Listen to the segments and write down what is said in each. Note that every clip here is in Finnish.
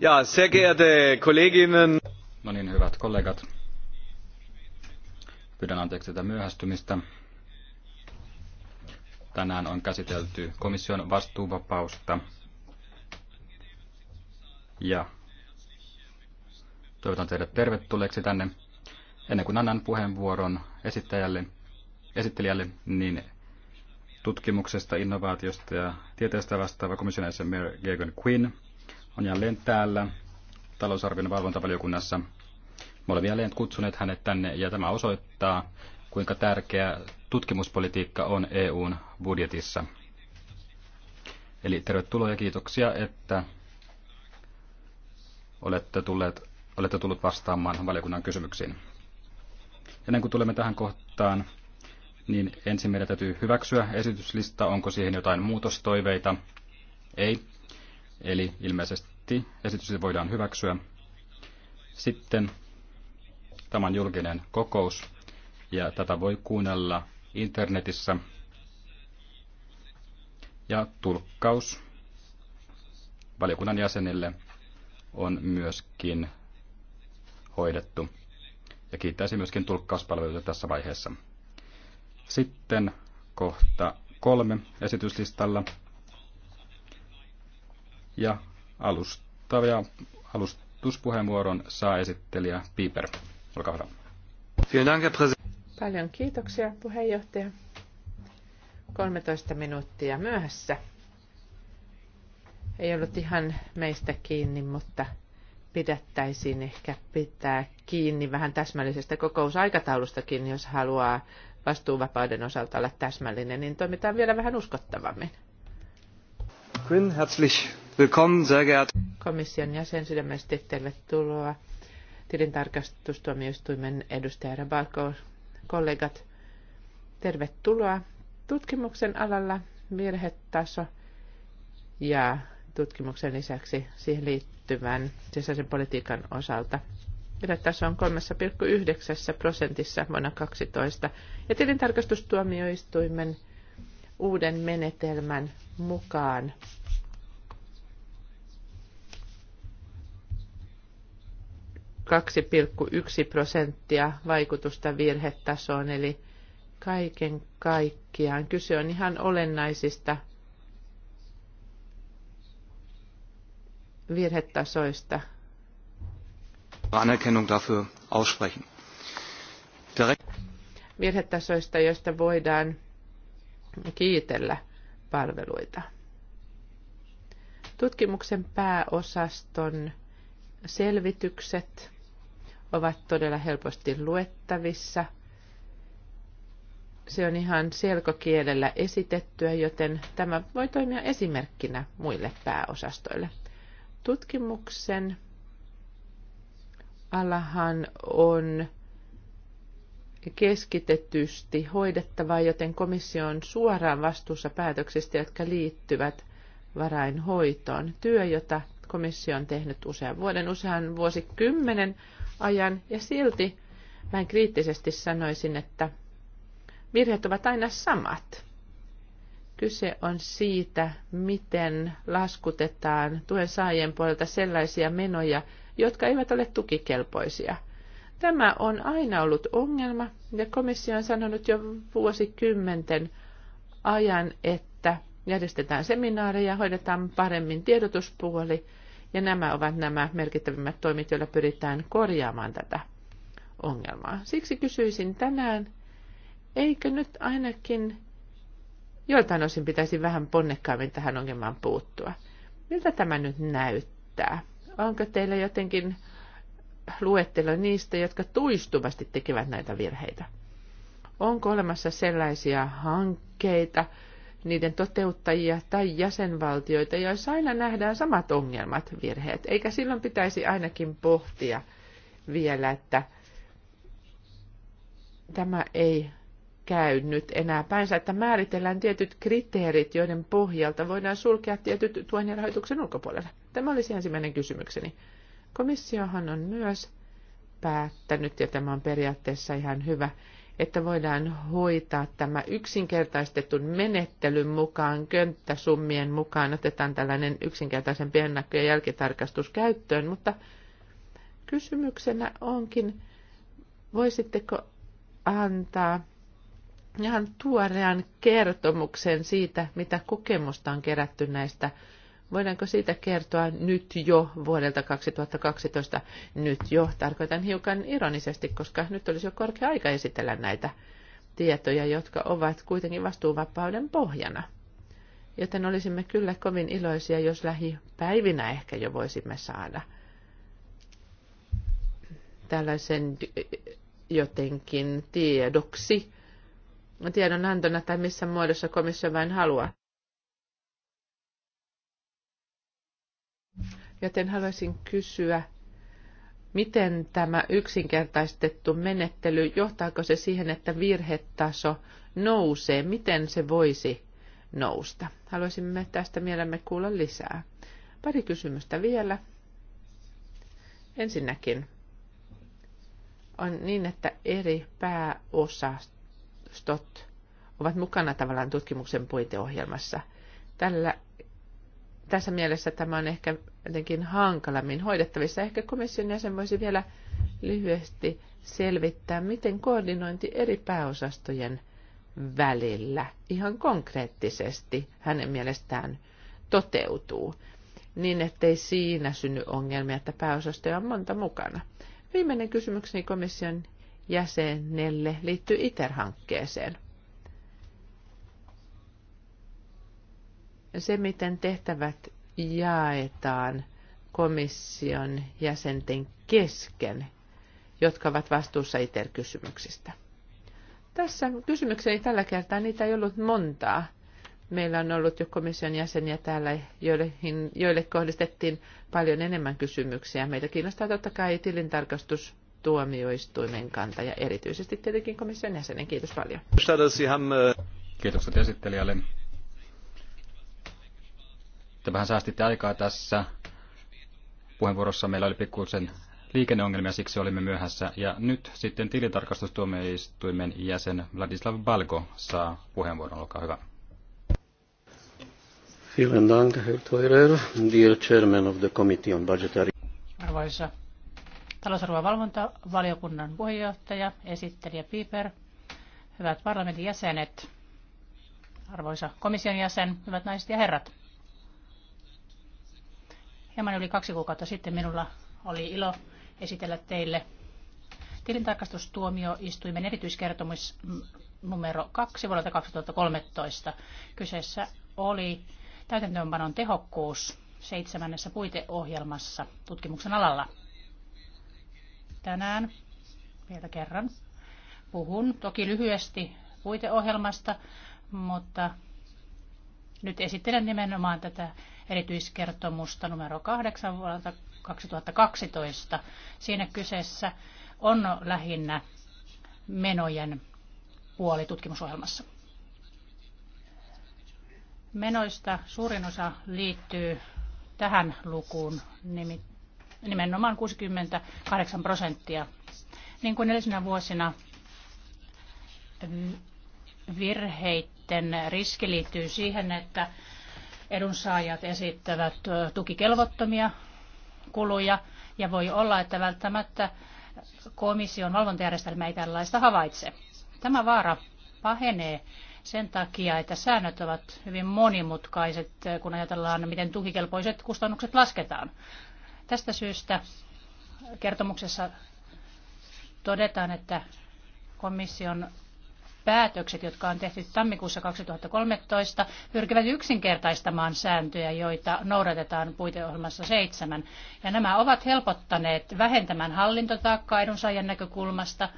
Ja, sehr geehrte Kolleginnen. No niin, hyvät kollegat. Pyydän anteeksi tätä myöhästymistä. Tänään on käsitelty komission vastuuvapausta. Ja toivotan teidät tervetulleeksi tänne. Ennen kuin annan puheenvuoron esittäjälle, esittelijälle, niin tutkimuksesta, innovaatiosta ja tieteestä vastaava komission jäsen Mary Gagan Quinn – on jälleen täällä talousarvion valvontavaliokunnassa. Me olemme jälleen kutsuneet hänet tänne ja tämä osoittaa, kuinka tärkeä tutkimuspolitiikka on EUn budjetissa. Eli tervetuloa ja kiitoksia, että olette, tulleet, olette tullut vastaamaan valiokunnan kysymyksiin. Ennen kuin tulemme tähän kohtaan, niin ensin meidän täytyy hyväksyä esityslista. Onko siihen jotain muutostoiveita? Ei. Eli ilmeisesti esitys siis voidaan hyväksyä. Sitten tämän julkinen kokous, ja tätä voi kuunnella internetissä. Ja tulkkaus valiokunnan jäsenille on myöskin hoidettu. Ja kiittäisi myöskin tulkkauspalveluita tässä vaiheessa. Sitten kohta kolme esityslistalla. Ja alustavia, alustuspuheenvuoron saa esittelijä Piper. Olkaa hyvä. Paljon kiitoksia puheenjohtaja. 13 minuuttia myöhässä. Ei ollut ihan meistä kiinni, mutta pidättäisiin ehkä pitää kiinni vähän täsmällisestä kokousaikataulustakin, jos haluaa vastuuvapauden osalta olla täsmällinen, niin toimitaan vielä vähän uskottavammin. Quinn, herzlich Willkommen, sehr Komission jäsen, sydämellisesti tervetuloa. Tilintarkastustuomioistuimen edustaja Rabalko, kollegat, tervetuloa. Tutkimuksen alalla virhetaso ja tutkimuksen lisäksi siihen liittyvän sisäisen politiikan osalta. Virhetaso on 3,9 prosentissa vuonna 2012 ja tilintarkastustuomioistuimen uuden menetelmän mukaan 2,1 prosenttia vaikutusta virhetasoon, eli kaiken kaikkiaan kyse on ihan olennaisista virhetasoista. Anerkennung dafür aussprechen. Virhetasoista, joista voidaan kiitellä palveluita. Tutkimuksen pääosaston selvitykset ovat todella helposti luettavissa. Se on ihan selkokielellä esitettyä, joten tämä voi toimia esimerkkinä muille pääosastoille. Tutkimuksen alahan on keskitetysti hoidettava, joten komissio on suoraan vastuussa päätöksistä, jotka liittyvät varainhoitoon. Työ, jota komissio on tehnyt usean vuoden, usean vuosikymmenen, ajan ja silti vähän kriittisesti sanoisin, että virheet ovat aina samat. Kyse on siitä, miten laskutetaan tuen saajien puolelta sellaisia menoja, jotka eivät ole tukikelpoisia. Tämä on aina ollut ongelma, ja komissio on sanonut jo vuosikymmenten ajan, että järjestetään seminaareja, hoidetaan paremmin tiedotuspuoli ja nämä ovat nämä merkittävimmät toimit, joilla pyritään korjaamaan tätä ongelmaa. Siksi kysyisin tänään, eikö nyt ainakin joiltain osin pitäisi vähän ponnekkaammin tähän ongelmaan puuttua. Miltä tämä nyt näyttää? Onko teillä jotenkin luettelo niistä, jotka tuistuvasti tekevät näitä virheitä? Onko olemassa sellaisia hankkeita, niiden toteuttajia tai jäsenvaltioita, joissa aina nähdään samat ongelmat, virheet. Eikä silloin pitäisi ainakin pohtia vielä, että tämä ei käy nyt enää päinsä, että määritellään tietyt kriteerit, joiden pohjalta voidaan sulkea tietyt tuen ja rahoituksen ulkopuolelle. Tämä olisi ensimmäinen kysymykseni. Komissiohan on myös päättänyt, ja tämä on periaatteessa ihan hyvä, että voidaan hoitaa tämä yksinkertaistetun menettelyn mukaan, könttäsummien mukaan otetaan tällainen yksinkertaisen ennakko- ja jälkitarkastus käyttöön, mutta kysymyksenä onkin, voisitteko antaa ihan tuorean kertomuksen siitä, mitä kokemusta on kerätty näistä Voidaanko siitä kertoa nyt jo vuodelta 2012? Nyt jo tarkoitan hiukan ironisesti, koska nyt olisi jo korkea aika esitellä näitä tietoja, jotka ovat kuitenkin vastuuvapauden pohjana. Joten olisimme kyllä kovin iloisia, jos lähipäivinä ehkä jo voisimme saada tällaisen jotenkin tiedoksi, tiedonantona tai missä muodossa komissio vain haluaa. Joten haluaisin kysyä, miten tämä yksinkertaistettu menettely, johtaako se siihen, että virhetaso nousee? Miten se voisi nousta? Haluaisimme tästä mielemme kuulla lisää. Pari kysymystä vielä. Ensinnäkin on niin, että eri pääosastot ovat mukana tavallaan tutkimuksen puiteohjelmassa. Tällä tässä mielessä tämä on ehkä jotenkin hankalammin hoidettavissa. Ehkä komission jäsen voisi vielä lyhyesti selvittää, miten koordinointi eri pääosastojen välillä ihan konkreettisesti hänen mielestään toteutuu, niin ettei siinä synny ongelmia, että pääosastoja on monta mukana. Viimeinen kysymykseni komission jäsenelle liittyy ITER-hankkeeseen. se, miten tehtävät jaetaan komission jäsenten kesken, jotka ovat vastuussa ITER-kysymyksistä. Tässä kysymyksessä ei tällä kertaa, niitä ei ollut montaa. Meillä on ollut jo komission jäseniä täällä, joillekin, joille kohdistettiin paljon enemmän kysymyksiä. Meitä kiinnostaa totta kai tilintarkastus tuomioistuimen kanta ja erityisesti tietenkin komission jäsenen. Kiitos paljon. Kiitokset esittelijälle. Te vähän säästitte aikaa tässä puheenvuorossa. Meillä oli pikkuisen liikenneongelmia, siksi olimme myöhässä. Ja nyt sitten tilintarkastustuomioistuimen jäsen Vladislav Balko saa puheenvuoron. Olkaa hyvä. Chairman of the Committee on Budgetary. Arvoisa talousarvon valvontavaliokunnan puheenjohtaja, esittelijä Piper, hyvät parlamentin jäsenet, arvoisa komission jäsen, hyvät naiset ja herrat. Hieman yli kaksi kuukautta sitten minulla oli ilo esitellä teille tilintarkastustuomioistuimen erityiskertomus numero 2 vuodelta 2013. Kyseessä oli täytäntöönpanon tehokkuus seitsemännessä puiteohjelmassa tutkimuksen alalla. Tänään vielä kerran puhun toki lyhyesti puiteohjelmasta, mutta nyt esittelen nimenomaan tätä erityiskertomusta numero 8 vuodelta 2012. Siinä kyseessä on lähinnä menojen puoli tutkimusohjelmassa. Menoista suurin osa liittyy tähän lukuun, nimenomaan 68 prosenttia. Niin kuin edellisinä vuosina virheiden riski liittyy siihen, että edunsaajat esittävät tukikelvottomia kuluja ja voi olla, että välttämättä komission valvontajärjestelmä ei tällaista havaitse. Tämä vaara pahenee sen takia, että säännöt ovat hyvin monimutkaiset, kun ajatellaan, miten tukikelpoiset kustannukset lasketaan. Tästä syystä kertomuksessa todetaan, että komission päätökset, jotka on tehty tammikuussa 2013, pyrkivät yksinkertaistamaan sääntöjä, joita noudatetaan puiteohjelmassa seitsemän. Ja nämä ovat helpottaneet vähentämään hallintotaakkaa edunsaajan näkökulmasta.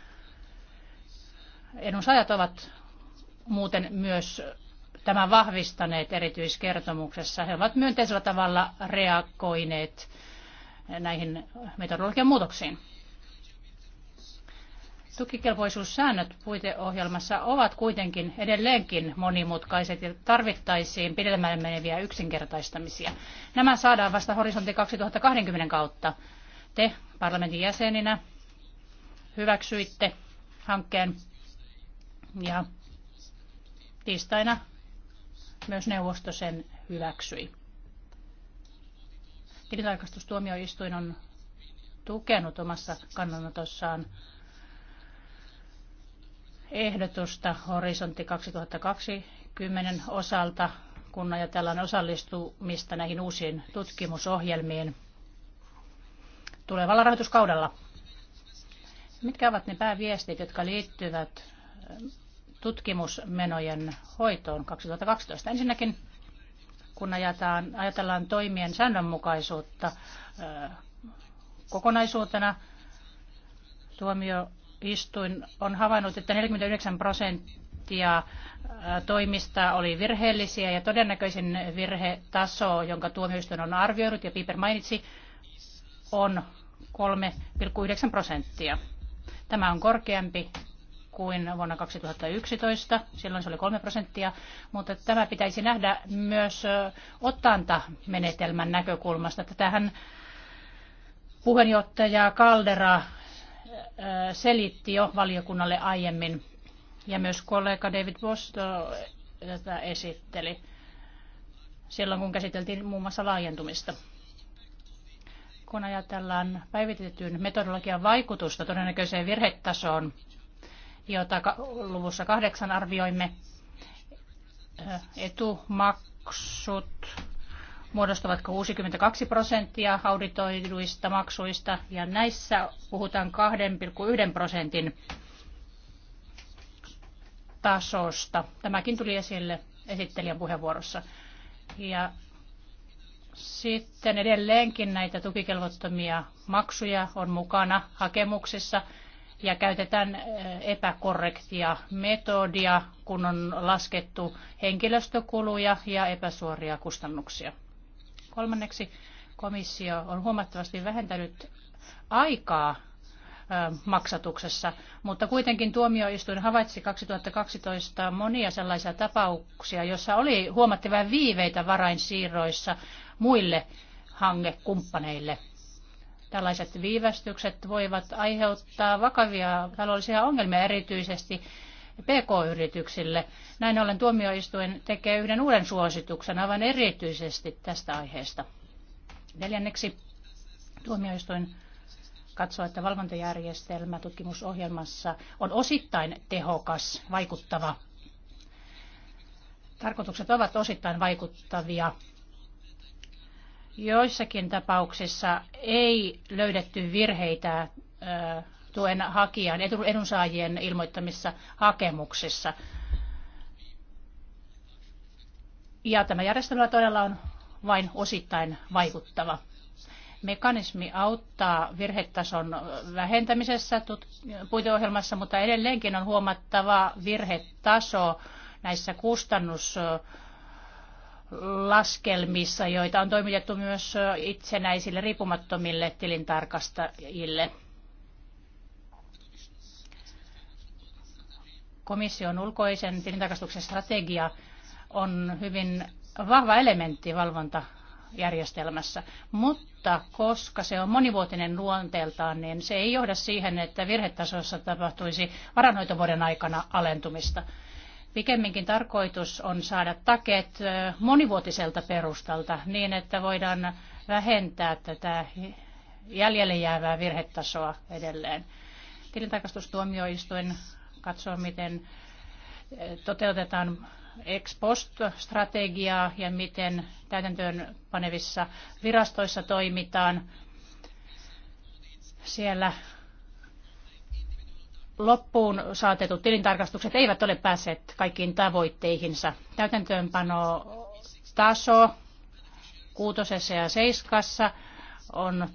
Edunsaajat ovat muuten myös tämän vahvistaneet erityiskertomuksessa. He ovat myönteisellä tavalla reagoineet näihin metodologian muutoksiin. Tukikelpoisuussäännöt puiteohjelmassa ovat kuitenkin edelleenkin monimutkaiset ja tarvittaisiin pidemmälle meneviä yksinkertaistamisia. Nämä saadaan vasta horisontti 2020 kautta. Te parlamentin jäseninä hyväksyitte hankkeen ja tiistaina myös neuvosto sen hyväksyi. Tilintarkastustuomioistuin on tukenut omassa kannanotossaan ehdotusta horisontti 2020 osalta, kun ajatellaan osallistumista näihin uusiin tutkimusohjelmiin tulevalla rahoituskaudella. Mitkä ovat ne pääviestit, jotka liittyvät tutkimusmenojen hoitoon 2012? Ensinnäkin, kun ajataan, ajatellaan toimien säännönmukaisuutta kokonaisuutena, tuomio istuin, on havainnut, että 49 prosenttia toimista oli virheellisiä ja todennäköisin virhetaso, jonka tuomioistuin on arvioinut ja Piper mainitsi, on 3,9 prosenttia. Tämä on korkeampi kuin vuonna 2011, silloin se oli 3 prosenttia, mutta tämä pitäisi nähdä myös otantamenetelmän näkökulmasta. Tätähän puheenjohtaja Kaldera selitti jo valiokunnalle aiemmin ja myös kollega David Bosto tätä esitteli silloin, kun käsiteltiin muun muassa laajentumista. Kun ajatellaan päivitetyn metodologian vaikutusta todennäköiseen virhetasoon, jota luvussa kahdeksan arvioimme, etumaksut muodostavatko 62 prosenttia auditoiduista maksuista, ja näissä puhutaan 2,1 prosentin tasosta. Tämäkin tuli esille esittelijän puheenvuorossa. Ja sitten edelleenkin näitä tukikelvottomia maksuja on mukana hakemuksissa ja käytetään eh, epäkorrektia metodia, kun on laskettu henkilöstökuluja ja epäsuoria kustannuksia. Kolmanneksi komissio on huomattavasti vähentänyt aikaa maksatuksessa, mutta kuitenkin tuomioistuin havaitsi 2012 monia sellaisia tapauksia, joissa oli huomattavia viiveitä varainsiirroissa muille hankekumppaneille. Tällaiset viivästykset voivat aiheuttaa vakavia taloudellisia ongelmia erityisesti PK-yrityksille. Näin ollen tuomioistuin tekee yhden uuden suosituksen aivan erityisesti tästä aiheesta. Neljänneksi tuomioistuin katsoo, että valvontajärjestelmä tutkimusohjelmassa on osittain tehokas, vaikuttava. Tarkoitukset ovat osittain vaikuttavia. Joissakin tapauksissa ei löydetty virheitä tuen hakijan, edunsaajien ilmoittamissa hakemuksissa. Ja tämä järjestelmä todella on vain osittain vaikuttava. Mekanismi auttaa virhetason vähentämisessä puiteohjelmassa, mutta edelleenkin on huomattava virhetaso näissä kustannuslaskelmissa, joita on toimitettu myös itsenäisille riippumattomille tilintarkastajille – komission ulkoisen tilintarkastuksen strategia on hyvin vahva elementti valvontajärjestelmässä, mutta koska se on monivuotinen luonteeltaan, niin se ei johda siihen, että virhetasossa tapahtuisi varanhoitovuoden aikana alentumista. Pikemminkin tarkoitus on saada takeet monivuotiselta perustalta niin, että voidaan vähentää tätä jäljelle jäävää virhetasoa edelleen. Tilintarkastustuomioistuin katsoa, miten eh, toteutetaan ex post-strategiaa ja miten täytäntöön panevissa virastoissa toimitaan. Siellä loppuun saatetut tilintarkastukset eivät ole päässeet kaikkiin tavoitteihinsa. Täytäntöönpano taso kuutosessa ja seiskassa on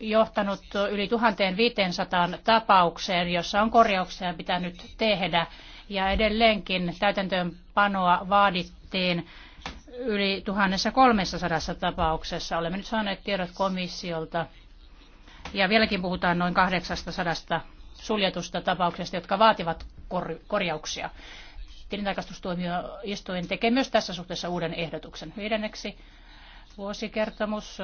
johtanut yli 1500 tapaukseen, jossa on korjauksia pitänyt tehdä. Ja edelleenkin täytäntöönpanoa vaadittiin yli 1300 tapauksessa. Olemme nyt saaneet tiedot komissiolta. Ja vieläkin puhutaan noin 800 suljetusta tapauksesta, jotka vaativat kor- korjauksia. Tilintarkastustuomioistuin tekee myös tässä suhteessa uuden ehdotuksen. Viidenneksi vuosikertomus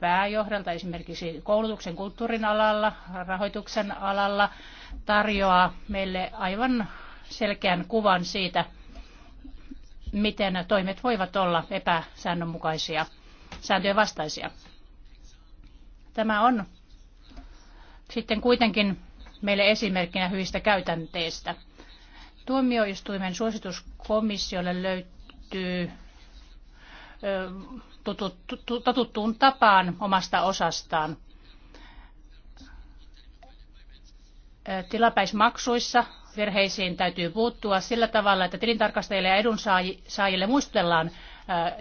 pääjohdolta esimerkiksi koulutuksen kulttuurin alalla, rahoituksen alalla tarjoaa meille aivan selkeän kuvan siitä, miten toimet voivat olla epäsäännönmukaisia, sääntöjen vastaisia. Tämä on sitten kuitenkin meille esimerkkinä hyvistä käytänteistä. Tuomioistuimen suosituskomissiolle löytyy totuttuun tapaan omasta osastaan. Tilapäismaksuissa virheisiin täytyy puuttua sillä tavalla, että tilintarkastajille ja edunsaajille muistellaan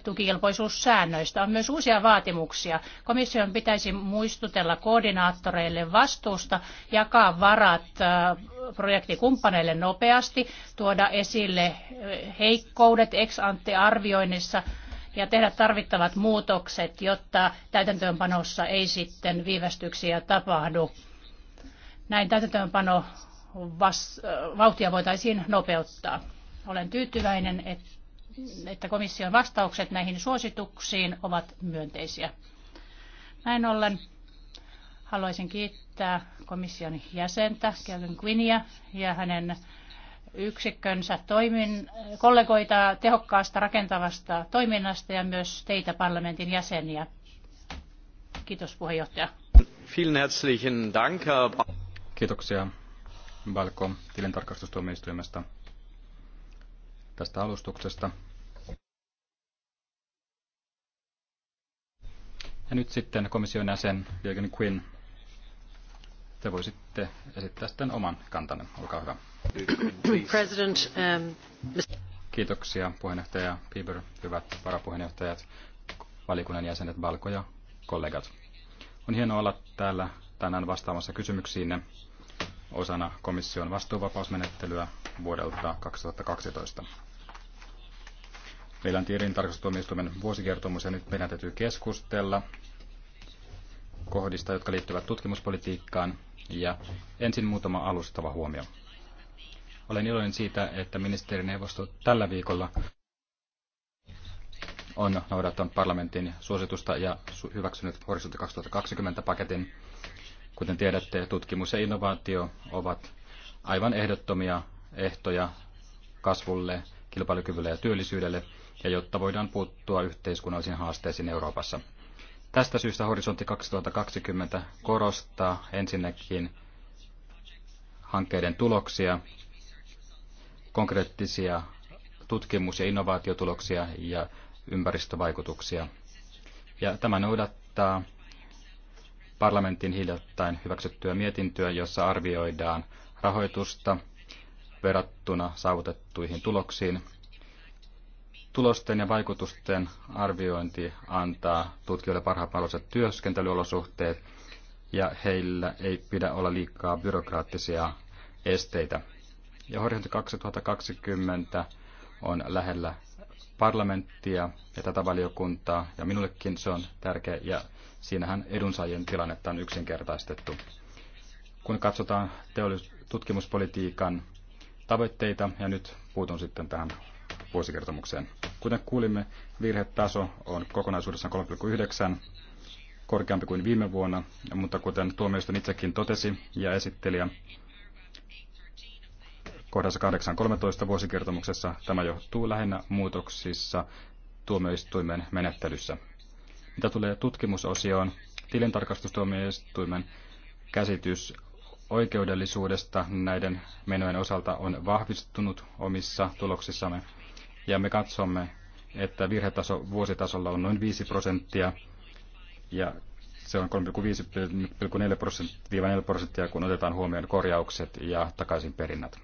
tukikelpoisuussäännöistä. On myös uusia vaatimuksia. Komission pitäisi muistutella koordinaattoreille vastuusta, jakaa varat projektikumppaneille nopeasti, tuoda esille heikkoudet ex ante arvioinnissa ja tehdä tarvittavat muutokset, jotta täytäntöönpanossa ei sitten viivästyksiä tapahdu. Näin täytäntöönpano vauhtia voitaisiin nopeuttaa. Olen tyytyväinen, että komission vastaukset näihin suosituksiin ovat myönteisiä. Näin ollen haluaisin kiittää komission jäsentä Kelvin Quinnia ja hänen yksikkönsä toimin, kollegoita tehokkaasta rakentavasta toiminnasta ja myös teitä parlamentin jäseniä. Kiitos puheenjohtaja. Vielen herzlichen Dank. Kiitoksia Balko tilintarkastustuomioistuimesta tästä alustuksesta. Ja nyt sitten komission jäsen Jürgen Quinn, te voisitte esittää sitten oman kantanne. Olkaa hyvä. President, um, Kiitoksia puheenjohtaja Bieber, hyvät varapuheenjohtajat, valikunnan jäsenet Balko ja kollegat. On hienoa olla täällä tänään vastaamassa kysymyksiinne osana komission vastuuvapausmenettelyä vuodelta 2012. Meillä on tarkastustuomioistuimen vuosikertomus ja nyt meidän täytyy keskustella kohdista, jotka liittyvät tutkimuspolitiikkaan. Ja ensin muutama alustava huomio. Olen iloinen siitä, että ministerineuvosto tällä viikolla on noudattanut parlamentin suositusta ja hyväksynyt horisontti 2020 paketin. Kuten tiedätte, tutkimus ja innovaatio ovat aivan ehdottomia ehtoja kasvulle, kilpailukyvylle ja työllisyydelle, ja jotta voidaan puuttua yhteiskunnallisiin haasteisiin Euroopassa. Tästä syystä Horisontti 2020 korostaa ensinnäkin hankkeiden tuloksia konkreettisia tutkimus- ja innovaatiotuloksia ja ympäristövaikutuksia. Ja tämä noudattaa parlamentin hiljattain hyväksyttyä mietintöä, jossa arvioidaan rahoitusta verrattuna saavutettuihin tuloksiin. Tulosten ja vaikutusten arviointi antaa tutkijoille parhaat mahdolliset työskentelyolosuhteet ja heillä ei pidä olla liikaa byrokraattisia esteitä. Ja Horisontti 2020 on lähellä parlamenttia ja tätä valiokuntaa, ja minullekin se on tärkeä, ja siinähän edunsaajien tilannetta on yksinkertaistettu. Kun katsotaan teollis- tutkimuspolitiikan tavoitteita, ja nyt puutun sitten tähän vuosikertomukseen. Kuten kuulimme, virhetaso on kokonaisuudessaan 3,9, korkeampi kuin viime vuonna, mutta kuten tuomioistuin itsekin totesi ja esittelijä, kohdassa 8.13 vuosikertomuksessa. Tämä johtuu lähinnä muutoksissa tuomioistuimen menettelyssä. Mitä tulee tutkimusosioon, tilintarkastustuomioistuimen käsitys oikeudellisuudesta näiden menojen osalta on vahvistunut omissa tuloksissamme, ja me katsomme, että virhetaso vuositasolla on noin 5 prosenttia, ja se on 3,5-4 prosenttia, kun otetaan huomioon korjaukset ja takaisinperinnät.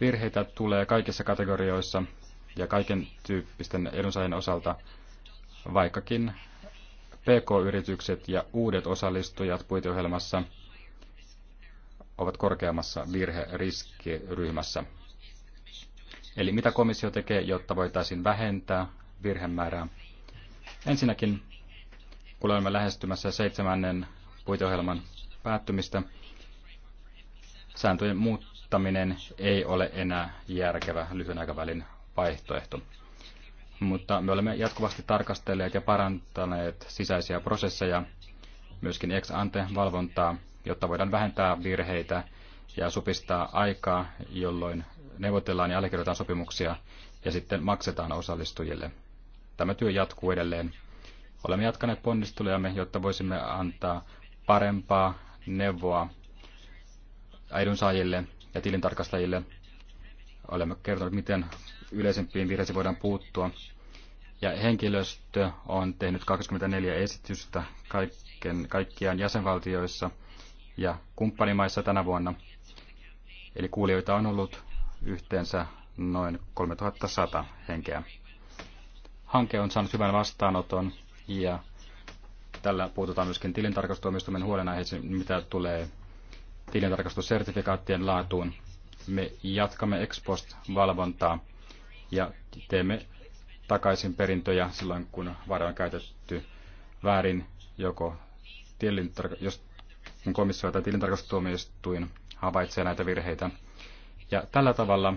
Virheitä tulee kaikissa kategorioissa ja kaiken tyyppisten edunsaajien osalta, vaikkakin PK-yritykset ja uudet osallistujat puiteohjelmassa ovat korkeammassa virheriskiryhmässä. Eli mitä komissio tekee, jotta voitaisiin vähentää virhemäärää? Ensinnäkin, kun olemme lähestymässä seitsemännen puiteohjelman päättymistä, sääntöjen muut pakottaminen ei ole enää järkevä lyhyen aikavälin vaihtoehto. Mutta me olemme jatkuvasti tarkastelleet ja parantaneet sisäisiä prosesseja, myöskin ex ante valvontaa, jotta voidaan vähentää virheitä ja supistaa aikaa, jolloin neuvotellaan ja allekirjoitetaan sopimuksia ja sitten maksetaan osallistujille. Tämä työ jatkuu edelleen. Olemme jatkaneet ponnistelujamme, jotta voisimme antaa parempaa neuvoa edunsaajille ja tilintarkastajille. Olemme kertoneet, miten yleisempiin virheisiin voidaan puuttua. Ja henkilöstö on tehnyt 24 esitystä kaikkien kaikkiaan jäsenvaltioissa ja kumppanimaissa tänä vuonna. Eli kuulijoita on ollut yhteensä noin 3100 henkeä. Hanke on saanut hyvän vastaanoton ja tällä puututaan myöskin tilintarkastustuomioistuimen huolenaiheisiin, mitä tulee tilintarkastussertifikaattien laatuun. Me jatkamme ex valvontaa ja teemme takaisin perintöjä silloin, kun varo on käytetty väärin, joko tilintar- jos komissio tai tilintarkastustuomioistuin havaitsee näitä virheitä. Ja tällä tavalla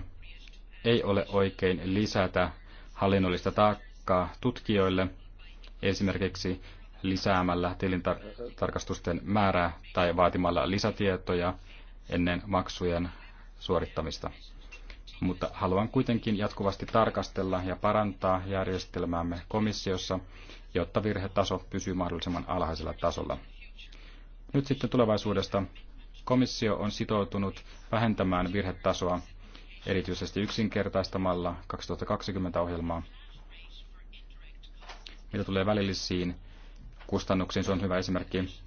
ei ole oikein lisätä hallinnollista taakkaa tutkijoille, esimerkiksi lisäämällä tilintarkastusten määrää tai vaatimalla lisätietoja ennen maksujen suorittamista. Mutta haluan kuitenkin jatkuvasti tarkastella ja parantaa järjestelmäämme komissiossa, jotta virhetaso pysyy mahdollisimman alhaisella tasolla. Nyt sitten tulevaisuudesta. Komissio on sitoutunut vähentämään virhetasoa erityisesti yksinkertaistamalla 2020 ohjelmaa. Mitä tulee välillisiin kustannuksiin. Se on hyvä esimerkki.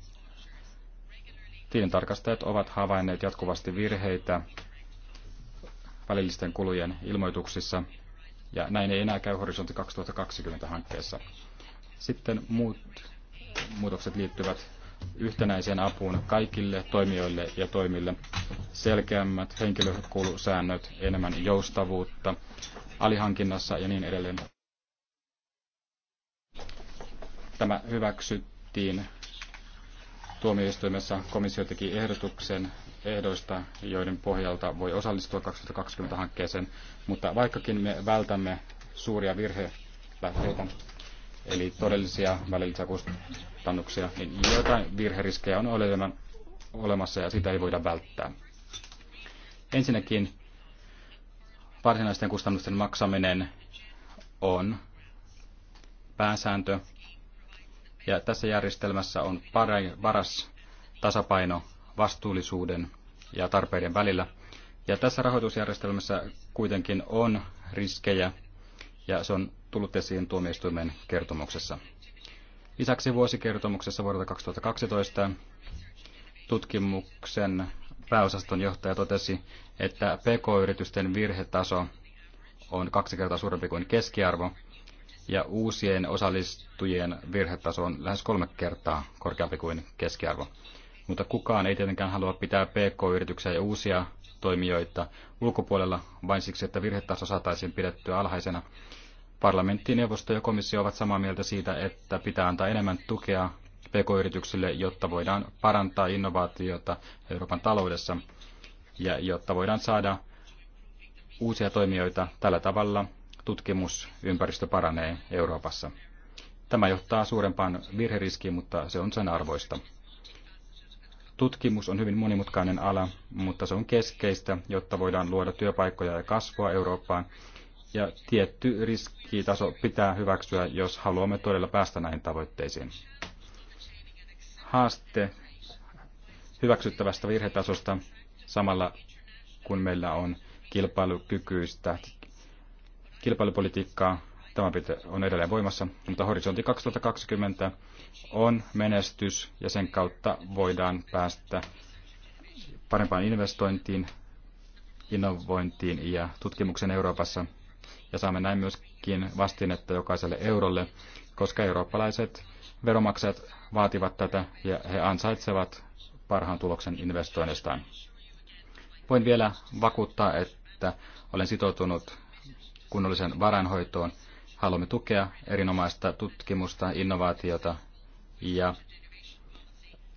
Tilintarkastajat ovat havainneet jatkuvasti virheitä välillisten kulujen ilmoituksissa, ja näin ei enää käy Horisontti 2020 hankkeessa. Sitten muut muutokset liittyvät yhtenäiseen apuun kaikille toimijoille ja toimille. Selkeämmät henkilökulusäännöt, enemmän joustavuutta alihankinnassa ja niin edelleen. Tämä hyväksyttiin tuomioistuimessa komissio teki ehdotuksen ehdoista, joiden pohjalta voi osallistua 2020-hankkeeseen, mutta vaikkakin me vältämme suuria virhelähteitä, eli todellisia välillisiä kustannuksia, niin jotain virheriskejä on olemassa ja sitä ei voida välttää. Ensinnäkin varsinaisten kustannusten maksaminen on pääsääntö ja tässä järjestelmässä on paras tasapaino vastuullisuuden ja tarpeiden välillä. Ja tässä rahoitusjärjestelmässä kuitenkin on riskejä, ja se on tullut esiin tuomioistuimen kertomuksessa. Lisäksi vuosikertomuksessa vuodelta 2012 tutkimuksen pääosaston johtaja totesi, että PK-yritysten virhetaso on kaksi kertaa suurempi kuin keskiarvo, ja uusien osallistujien virhetaso on lähes kolme kertaa korkeampi kuin keskiarvo. Mutta kukaan ei tietenkään halua pitää PK-yrityksiä ja uusia toimijoita ulkopuolella vain siksi, että virhetaso saataisiin pidettyä alhaisena. Parlamentti, neuvosto ja komissio ovat samaa mieltä siitä, että pitää antaa enemmän tukea PK-yrityksille, jotta voidaan parantaa innovaatiota Euroopan taloudessa ja jotta voidaan saada uusia toimijoita tällä tavalla – tutkimusympäristö paranee Euroopassa. Tämä johtaa suurempaan virheriskiin, mutta se on sen arvoista. Tutkimus on hyvin monimutkainen ala, mutta se on keskeistä, jotta voidaan luoda työpaikkoja ja kasvua Eurooppaan. Ja tietty riskitaso pitää hyväksyä, jos haluamme todella päästä näihin tavoitteisiin. Haaste hyväksyttävästä virhetasosta samalla kun meillä on kilpailukykyistä kilpailupolitiikkaa. Tämä on edelleen voimassa, mutta horisontti 2020 on menestys ja sen kautta voidaan päästä parempaan investointiin, innovointiin ja tutkimuksen Euroopassa. Ja saamme näin myöskin vastinetta jokaiselle eurolle, koska eurooppalaiset veromaksajat vaativat tätä ja he ansaitsevat parhaan tuloksen investoinnistaan. Voin vielä vakuuttaa, että olen sitoutunut kunnolliseen varainhoitoon. Haluamme tukea erinomaista tutkimusta, innovaatiota ja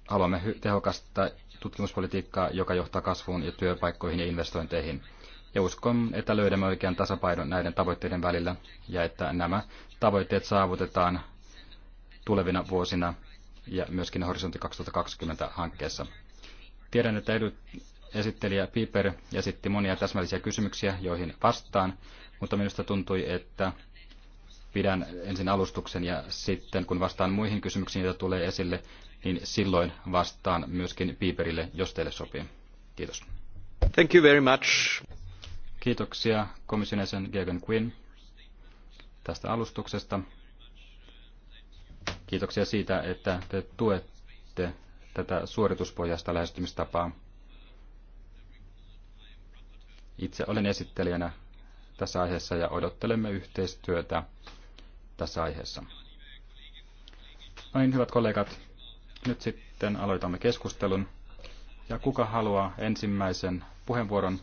haluamme tehokasta tutkimuspolitiikkaa, joka johtaa kasvuun ja työpaikkoihin ja investointeihin. Ja uskon, että löydämme oikean tasapainon näiden tavoitteiden välillä ja että nämä tavoitteet saavutetaan tulevina vuosina ja myöskin Horisontti 2020 hankkeessa. Tiedän, että esittelijä Piper esitti monia täsmällisiä kysymyksiä, joihin vastaan, mutta minusta tuntui, että pidän ensin alustuksen ja sitten kun vastaan muihin kysymyksiin, joita tulee esille, niin silloin vastaan myöskin Piiperille, jos teille sopii. Kiitos. Thank you very much. Kiitoksia komission jäsen Gergen Quinn tästä alustuksesta. Kiitoksia siitä, että te tuette tätä suorituspohjaista lähestymistapaa. Itse olen esittelijänä tässä aiheessa ja odottelemme yhteistyötä tässä aiheessa. No niin, hyvät kollegat, nyt sitten aloitamme keskustelun. Ja kuka haluaa ensimmäisen puheenvuoron?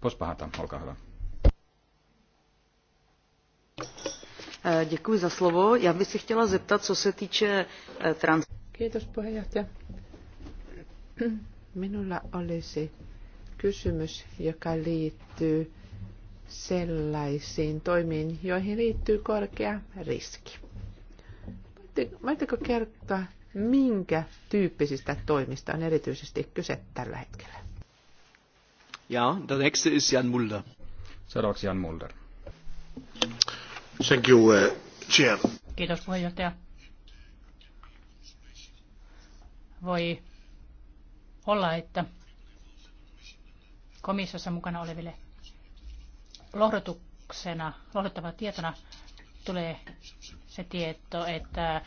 Pospahata, olkaa hyvä. Eh, děkuji za slovo. Já bych se chtěla zeptat, co se týče eh, trans... Kiitos puheenjohtaja. Minulla olisi kysymys, joka liittyy sellaisiin toimiin, joihin liittyy korkea riski. Voitteko kertoa, minkä tyyppisistä toimista on erityisesti kyse tällä hetkellä? Ja, der nächste ist Jan Mulder. Seuraavaksi Jan Mulder. Thank you, uh, chair. Kiitos puheenjohtaja. Voi olla, että komissiossa mukana oleville lohdutuksena, lohduttava tietona tulee se tieto, että äh,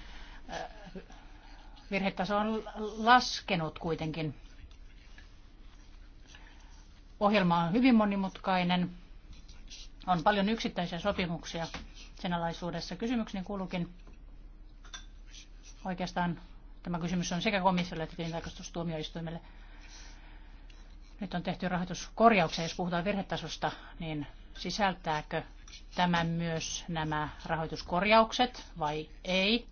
virhetaso on laskenut kuitenkin. Ohjelma on hyvin monimutkainen. On paljon yksittäisiä sopimuksia sen alaisuudessa. Kysymykseni kuuluukin oikeastaan Tämä kysymys on sekä komissiolle että tilintarkastustuomioistuimelle. Nyt on tehty rahoituskorjauksia, jos puhutaan virhetasosta, niin sisältääkö tämä myös nämä rahoituskorjaukset vai ei?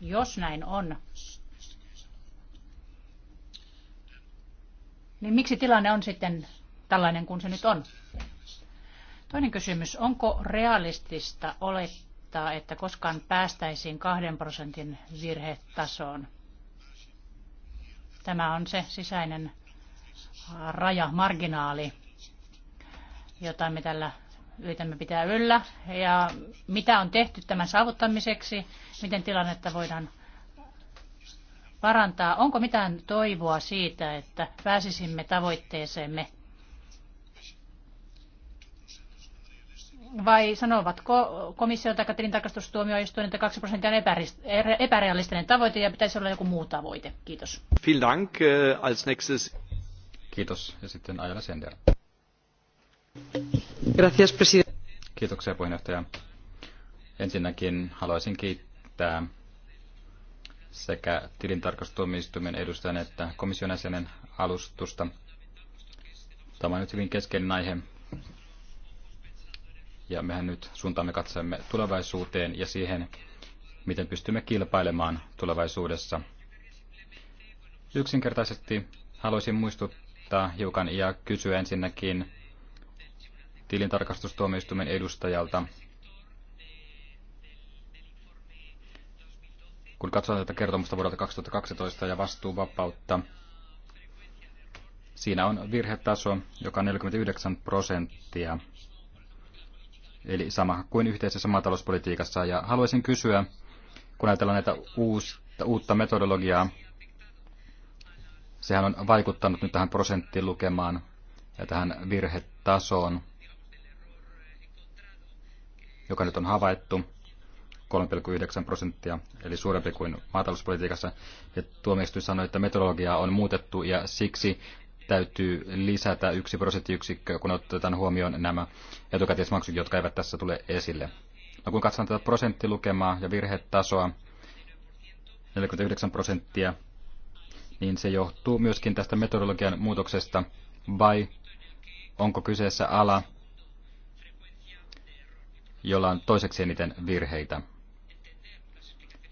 Jos näin on, niin miksi tilanne on sitten tällainen kuin se nyt on? Toinen kysymys, onko realistista olettaa, olettaa, että koskaan päästäisiin kahden prosentin virhetasoon. Tämä on se sisäinen raja, marginaali, jota me tällä yritämme pitää yllä. Ja mitä on tehty tämän saavuttamiseksi, miten tilannetta voidaan parantaa. Onko mitään toivoa siitä, että pääsisimme tavoitteeseemme vai sanovatko komissio tai tilintarkastustuomioistuin, että 2 prosenttia on epärealistinen tavoite ja pitäisi olla joku muu tavoite? Kiitos. Vielen Dank. Äh, als nächstes. Kiitos. Ja sitten Ajala Sender. Gracias, president. Kiitoksia puheenjohtaja. Ensinnäkin haluaisin kiittää sekä tilintarkastustuomioistuimen edustajan että komission jäsenen alustusta. Tämä on nyt hyvin keskeinen aihe, ja mehän nyt suuntaamme katsemme tulevaisuuteen ja siihen, miten pystymme kilpailemaan tulevaisuudessa. Yksinkertaisesti haluaisin muistuttaa hiukan ja kysyä ensinnäkin tilintarkastustuomioistuimen edustajalta, kun katsoo tätä kertomusta vuodelta 2012 ja vastuuvapautta, siinä on virhetaso, joka on 49 prosenttia eli sama kuin yhteisessä maatalouspolitiikassa. Ja haluaisin kysyä, kun ajatellaan näitä uusta, uutta metodologiaa, sehän on vaikuttanut nyt tähän prosenttilukemaan ja tähän virhetasoon, joka nyt on havaittu 3,9 prosenttia, eli suurempi kuin maatalouspolitiikassa. Ja tuomioistuin sanoi, että metodologiaa on muutettu ja siksi täytyy lisätä yksi prosenttiyksikkö, kun otetaan huomioon nämä etukäteismaksut, jotka eivät tässä tule esille. No, kun katsotaan tätä prosenttilukemaa ja virhetasoa, 49 prosenttia, niin se johtuu myöskin tästä metodologian muutoksesta, vai onko kyseessä ala, jolla on toiseksi eniten virheitä.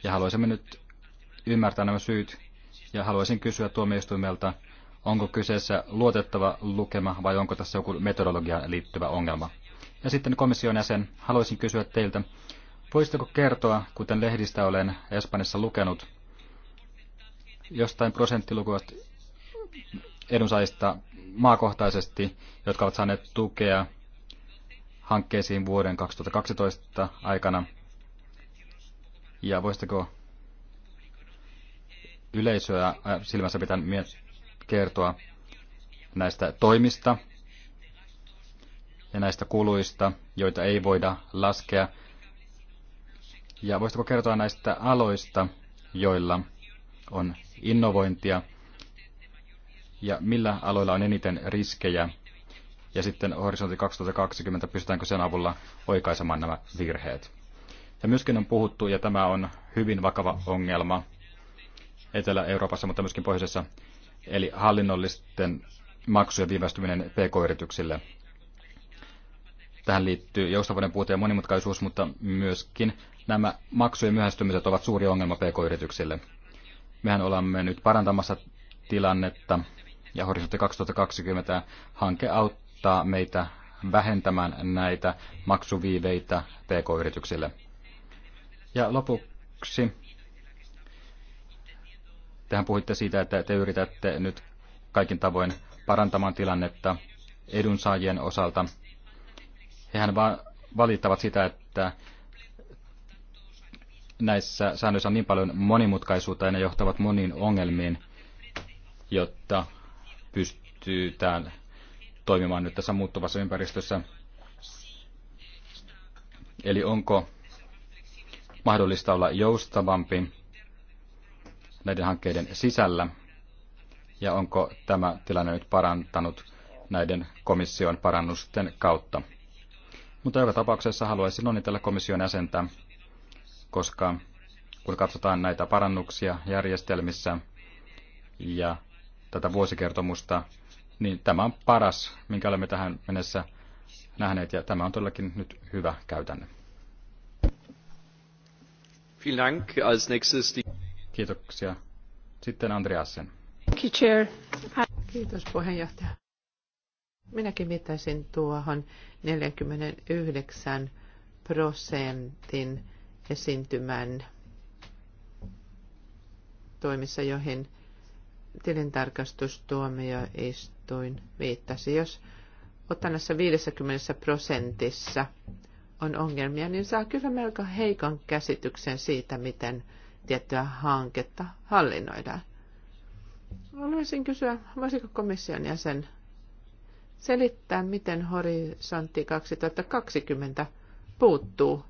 Ja haluaisimme nyt ymmärtää nämä syyt, ja haluaisin kysyä tuomioistuimelta, onko kyseessä luotettava lukema vai onko tässä joku metodologiaan liittyvä ongelma. Ja sitten komission jäsen, haluaisin kysyä teiltä, voisitteko kertoa, kuten lehdistä olen Espanjassa lukenut, jostain prosenttilukuista edunsaajista maakohtaisesti, jotka ovat saaneet tukea hankkeisiin vuoden 2012 aikana. Ja voisitteko yleisöä äh, silmässä pitää miettiä, kertoa näistä toimista ja näistä kuluista, joita ei voida laskea. Ja voisitko kertoa näistä aloista, joilla on innovointia ja millä aloilla on eniten riskejä ja sitten horisontti 2020, pystytäänkö sen avulla oikaisemaan nämä virheet. Ja myöskin on puhuttu, ja tämä on hyvin vakava ongelma Etelä-Euroopassa, mutta myöskin pohjoisessa, eli hallinnollisten maksujen viivästyminen pk-yrityksille. Tähän liittyy joustavuuden puute ja monimutkaisuus, mutta myöskin nämä maksujen myöhästymiset ovat suuri ongelma pk-yrityksille. Mehän olemme nyt parantamassa tilannetta ja Horisontti 2020 hanke auttaa meitä vähentämään näitä maksuviiveitä pk-yrityksille. Ja lopuksi Tehän puhuitte siitä, että te yritätte nyt kaikin tavoin parantamaan tilannetta edunsaajien osalta. Hehän vaan valittavat sitä, että näissä säännöissä on niin paljon monimutkaisuutta ja ne johtavat moniin ongelmiin, jotta pystytään toimimaan nyt tässä muuttuvassa ympäristössä. Eli onko mahdollista olla joustavampi näiden hankkeiden sisällä ja onko tämä tilanne nyt parantanut näiden komission parannusten kautta. Mutta joka tapauksessa haluaisin onnitella komission jäsentä, koska kun katsotaan näitä parannuksia järjestelmissä ja tätä vuosikertomusta, niin tämä on paras, minkä olemme tähän mennessä nähneet, ja tämä on todellakin nyt hyvä käytänne. Vielen Dank. Als nächstes die Kiitoksia. Sitten Andreasen. Kiitos puheenjohtaja. Minäkin mittaisin tuohon 49 prosentin esiintymän toimissa, joihin tilintarkastustuomioistuin viittasi. Jos otannassa 50 prosentissa on ongelmia, niin saa kyllä melko heikon käsityksen siitä, miten tiettyä hanketta hallinnoidaan. Haluaisin kysyä, voisiko komission jäsen selittää, miten horisontti 2020 puuttuu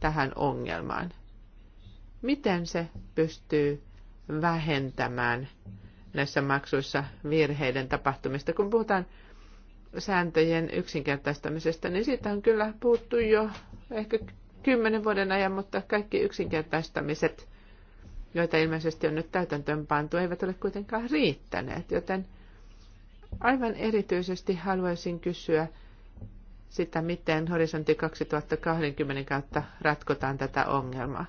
tähän ongelmaan? Miten se pystyy vähentämään näissä maksuissa virheiden tapahtumista? Kun puhutaan sääntöjen yksinkertaistamisesta, niin siitä on kyllä puuttu jo ehkä kymmenen vuoden ajan, mutta kaikki yksinkertaistamiset – joita ilmeisesti on nyt täytäntöön pantu, eivät ole kuitenkaan riittäneet, joten aivan erityisesti haluaisin kysyä sitä, miten horisontti 2020 kautta ratkotaan tätä ongelmaa.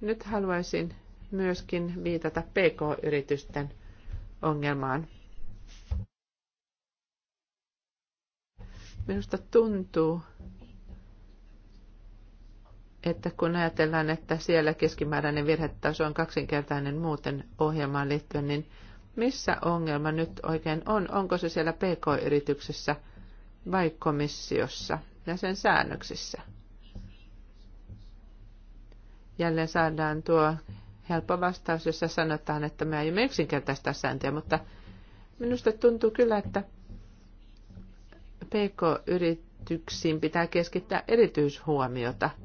Nyt haluaisin myöskin viitata PK-yritysten ongelmaan. Minusta tuntuu, että kun ajatellaan, että siellä keskimääräinen virhetaso on kaksinkertainen muuten ohjelmaan liittyen, niin missä ongelma nyt oikein on? Onko se siellä PK-yrityksessä vai komissiossa ja sen säännöksissä? Jälleen saadaan tuo helppo vastaus, jossa sanotaan, että me aiomme yksinkertaistaa sääntöjä, mutta minusta tuntuu kyllä, että PK-yrityksiin pitää keskittää erityishuomiota –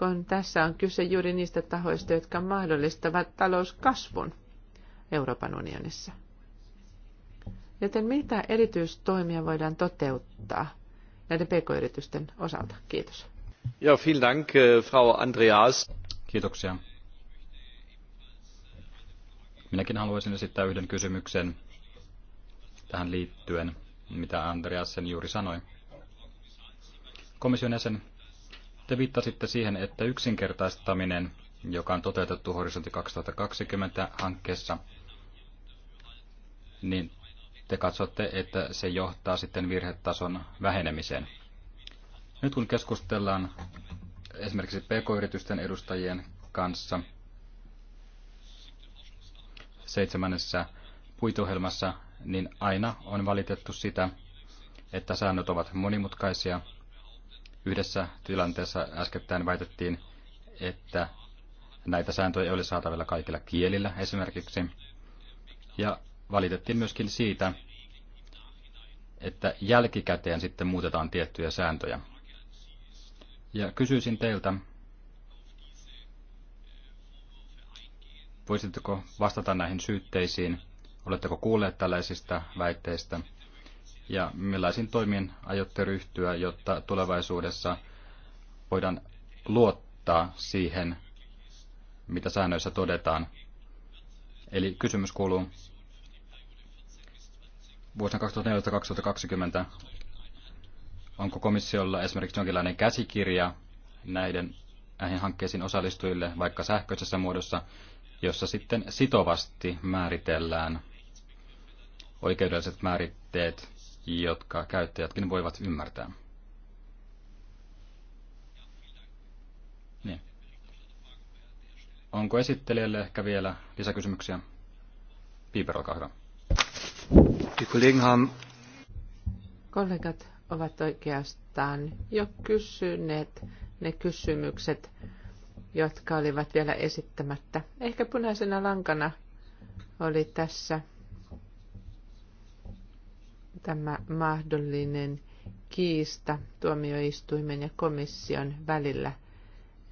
kun tässä on kyse juuri niistä tahoista, jotka mahdollistavat talouskasvun Euroopan unionissa. Joten mitä erityistoimia voidaan toteuttaa näiden pk-yritysten osalta? Kiitos. Ja, vielen Dank, äh, Frau Andreas. Kiitoksia. Minäkin haluaisin esittää yhden kysymyksen tähän liittyen, mitä Andreas sen juuri sanoi. Komission jäsen, te viittasitte siihen, että yksinkertaistaminen, joka on toteutettu Horisontti 2020 hankkeessa, niin te katsotte, että se johtaa sitten virhetason vähenemiseen. Nyt kun keskustellaan esimerkiksi pk-yritysten edustajien kanssa seitsemännessä puitohjelmassa, niin aina on valitettu sitä, että säännöt ovat monimutkaisia Yhdessä tilanteessa äskettäin väitettiin, että näitä sääntöjä ei ole saatavilla kaikilla kielillä esimerkiksi. Ja valitettiin myöskin siitä, että jälkikäteen sitten muutetaan tiettyjä sääntöjä. Ja kysyisin teiltä, voisitteko vastata näihin syytteisiin? Oletteko kuulleet tällaisista väitteistä? ja millaisiin toimiin aiotte ryhtyä, jotta tulevaisuudessa voidaan luottaa siihen, mitä säännöissä todetaan. Eli kysymys kuuluu, vuosina 2014-2020, onko komissiolla esimerkiksi jonkinlainen käsikirja näiden, näihin hankkeisiin osallistujille, vaikka sähköisessä muodossa, jossa sitten sitovasti määritellään oikeudelliset määritteet jotka käyttäjätkin voivat ymmärtää. Niin. Onko esittelijälle ehkä vielä lisäkysymyksiä? Piper, olkaa hyvä. Kollegat ovat oikeastaan jo kysyneet ne kysymykset, jotka olivat vielä esittämättä. Ehkä punaisena lankana oli tässä tämä mahdollinen kiista tuomioistuimen ja komission välillä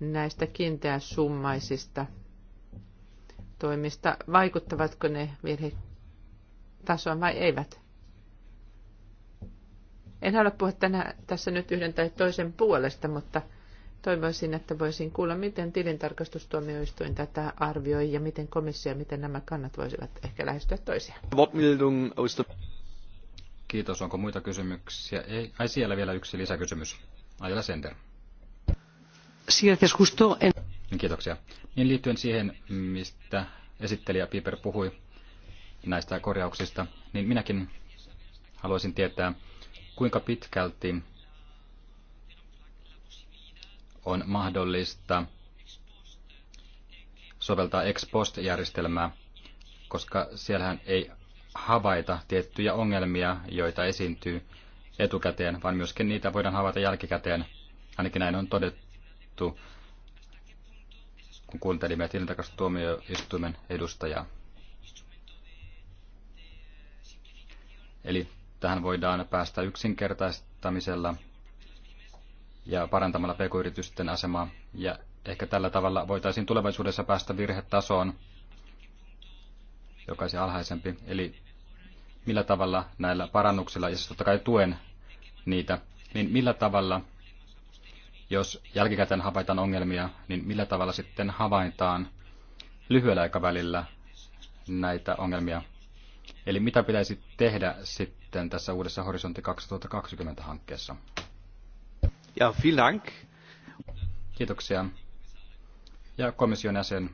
näistä kiinteäsummaisista toimista, vaikuttavatko ne virhetasoon vai eivät? En halua puhua tänä, tässä nyt yhden tai toisen puolesta, mutta toivoisin, että voisin kuulla, miten tilintarkastustuomioistuin tätä arvioi ja miten komissio ja miten nämä kannat voisivat ehkä lähestyä toisiaan. Kiitos. Onko muita kysymyksiä? Ei. Ai siellä vielä yksi lisäkysymys. Ajala Sender. Niin, kiitoksia. Niin liittyen siihen, mistä esittelijä Piper puhui näistä korjauksista, niin minäkin haluaisin tietää, kuinka pitkälti on mahdollista soveltaa ex post-järjestelmää, koska siellähän ei havaita tiettyjä ongelmia, joita esiintyy etukäteen, vaan myöskin niitä voidaan havaita jälkikäteen. Ainakin näin on todettu, kun kuuntelimme tuomioistuimen edustajaa. Eli tähän voidaan päästä yksinkertaistamisella ja parantamalla pk-yritysten asemaa. Ja ehkä tällä tavalla voitaisiin tulevaisuudessa päästä virhetasoon, joka olisi alhaisempi. Eli millä tavalla näillä parannuksilla, ja siis totta kai tuen niitä, niin millä tavalla, jos jälkikäteen havaitaan ongelmia, niin millä tavalla sitten havaitaan lyhyellä aikavälillä näitä ongelmia? Eli mitä pitäisi tehdä sitten tässä uudessa Horisontti 2020-hankkeessa? Ja, vielen Dank. Kiitoksia. Ja komission jäsen,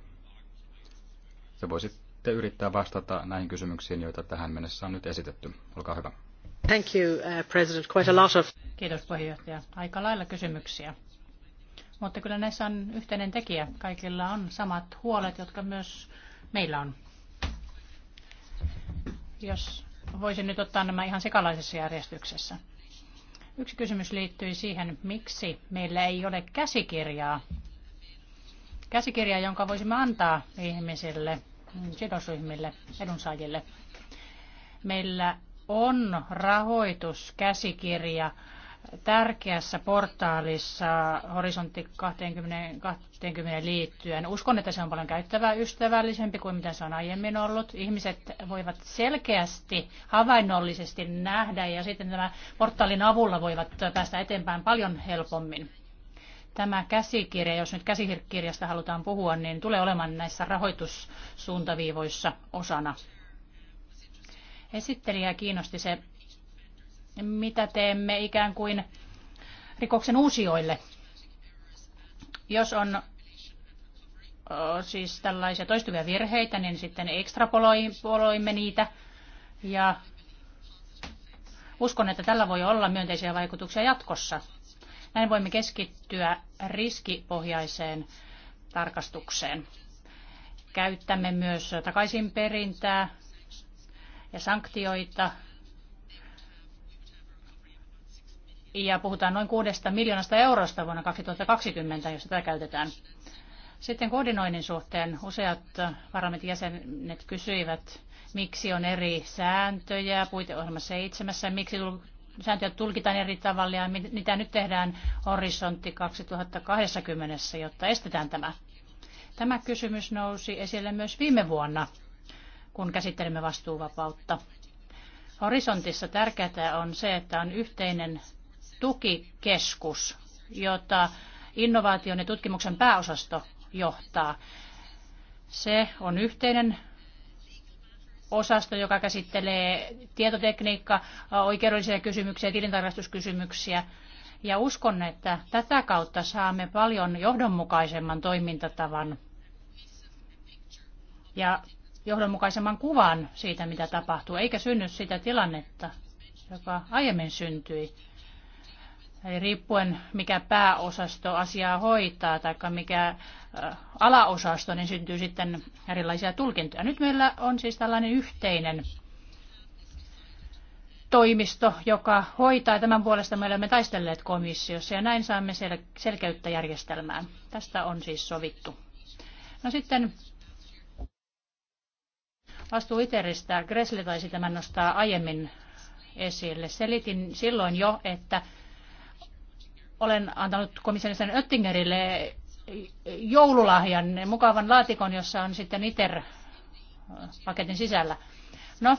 se voisit voitte yrittää vastata näihin kysymyksiin, joita tähän mennessä on nyt esitetty. Olkaa hyvä. Thank you, uh, President. Quite a lot of... Kiitos puheenjohtaja. Aika lailla kysymyksiä. Mutta kyllä näissä on yhteinen tekijä. Kaikilla on samat huolet, jotka myös meillä on. Jos voisin nyt ottaa nämä ihan sekalaisessa järjestyksessä. Yksi kysymys liittyy siihen, miksi meillä ei ole käsikirjaa. Käsikirjaa, jonka voisimme antaa ihmisille sidosryhmille, edunsaajille. Meillä on rahoituskäsikirja tärkeässä portaalissa Horisontti 20, 20 liittyen. Uskon, että se on paljon käyttävää ystävällisempi kuin mitä se on aiemmin ollut. Ihmiset voivat selkeästi, havainnollisesti nähdä ja sitten tämä portaalin avulla voivat päästä eteenpäin paljon helpommin tämä käsikirja, jos nyt käsikirjasta halutaan puhua, niin tulee olemaan näissä rahoitussuuntaviivoissa osana. Esittelijä kiinnosti se, mitä teemme ikään kuin rikoksen uusioille, Jos on siis tällaisia toistuvia virheitä, niin sitten ekstrapoloimme niitä. Ja uskon, että tällä voi olla myönteisiä vaikutuksia jatkossa näin voimme keskittyä riskipohjaiseen tarkastukseen. Käyttämme myös takaisinperintää ja sanktioita. Ja puhutaan noin kuudesta miljoonasta eurosta vuonna 2020, jos tätä käytetään. Sitten koordinoinnin suhteen useat parlamentin jäsenet kysyivät, miksi on eri sääntöjä puiteohjelma seitsemässä, miksi sääntöjä tulkitaan eri tavalla ja mitä nyt tehdään horisontti 2020, jotta estetään tämä. Tämä kysymys nousi esille myös viime vuonna, kun käsittelimme vastuuvapautta. Horisontissa tärkeää on se, että on yhteinen tukikeskus, jota innovaation ja tutkimuksen pääosasto johtaa. Se on yhteinen osasto, joka käsittelee tietotekniikka, oikeudellisia kysymyksiä, tilintarkastuskysymyksiä. Ja uskon, että tätä kautta saamme paljon johdonmukaisemman toimintatavan ja johdonmukaisemman kuvan siitä, mitä tapahtuu, eikä synny sitä tilannetta, joka aiemmin syntyi. Eli riippuen mikä pääosasto asiaa hoitaa tai mikä alaosasto, niin syntyy sitten erilaisia tulkintoja. Nyt meillä on siis tällainen yhteinen toimisto, joka hoitaa. Tämän puolesta me olemme taistelleet komissiossa ja näin saamme sel- selkeyttä järjestelmään. Tästä on siis sovittu. No sitten vastuu Iteristä. Gressli taisi tämän nostaa aiemmin esille. Selitin silloin jo, että olen antanut komissionisen Oettingerille joululahjan, mukavan laatikon, jossa on sitten ITER-paketin sisällä. No,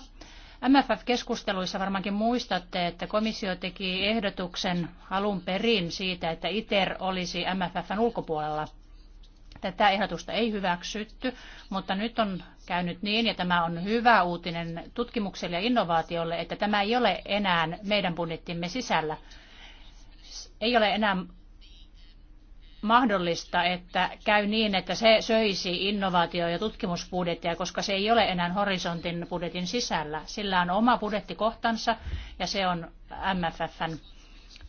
MFF-keskusteluissa varmaankin muistatte, että komissio teki ehdotuksen alun perin siitä, että ITER olisi MFFn ulkopuolella. Tätä ehdotusta ei hyväksytty, mutta nyt on käynyt niin, ja tämä on hyvä uutinen tutkimukselle ja innovaatiolle, että tämä ei ole enää meidän budjettimme sisällä. Ei ole enää mahdollista, että käy niin, että se söisi innovaatio- ja tutkimusbudjettia, koska se ei ole enää horisontin budjetin sisällä. Sillä on oma budjettikohtansa ja se on MFFn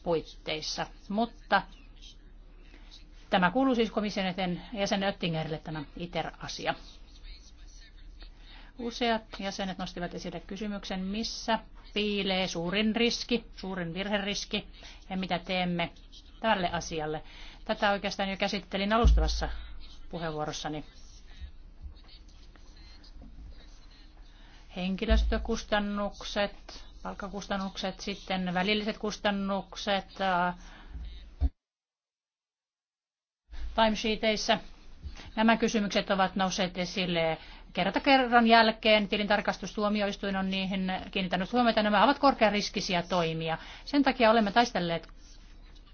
puitteissa. Mutta tämä kuuluu siis komission jäsen Öttingerille tämä ITER-asia. Useat jäsenet nostivat esille kysymyksen, missä piilee suurin riski, suurin virheriski ja mitä teemme tälle asialle. Tätä oikeastaan jo käsittelin alustavassa puheenvuorossani. Henkilöstökustannukset, palkkakustannukset, sitten välilliset kustannukset, äh, timesheeteissä. Nämä kysymykset ovat nousseet esille kerta kerran jälkeen tilintarkastustuomioistuin on niihin kiinnittänyt huomiota. Nämä ovat korkeariskisiä toimia. Sen takia olemme taistelleet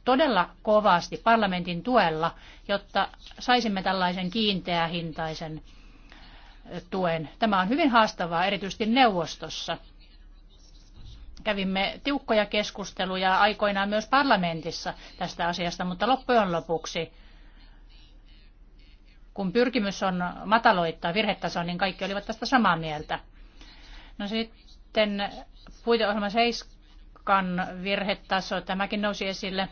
todella kovasti parlamentin tuella, jotta saisimme tällaisen kiinteähintaisen tuen. Tämä on hyvin haastavaa, erityisesti neuvostossa. Kävimme tiukkoja keskusteluja aikoinaan myös parlamentissa tästä asiasta, mutta loppujen lopuksi kun pyrkimys on mataloittaa virhetasoa, niin kaikki olivat tästä samaa mieltä. No sitten puiteohjelma 7 virhetaso, tämäkin nousi esille.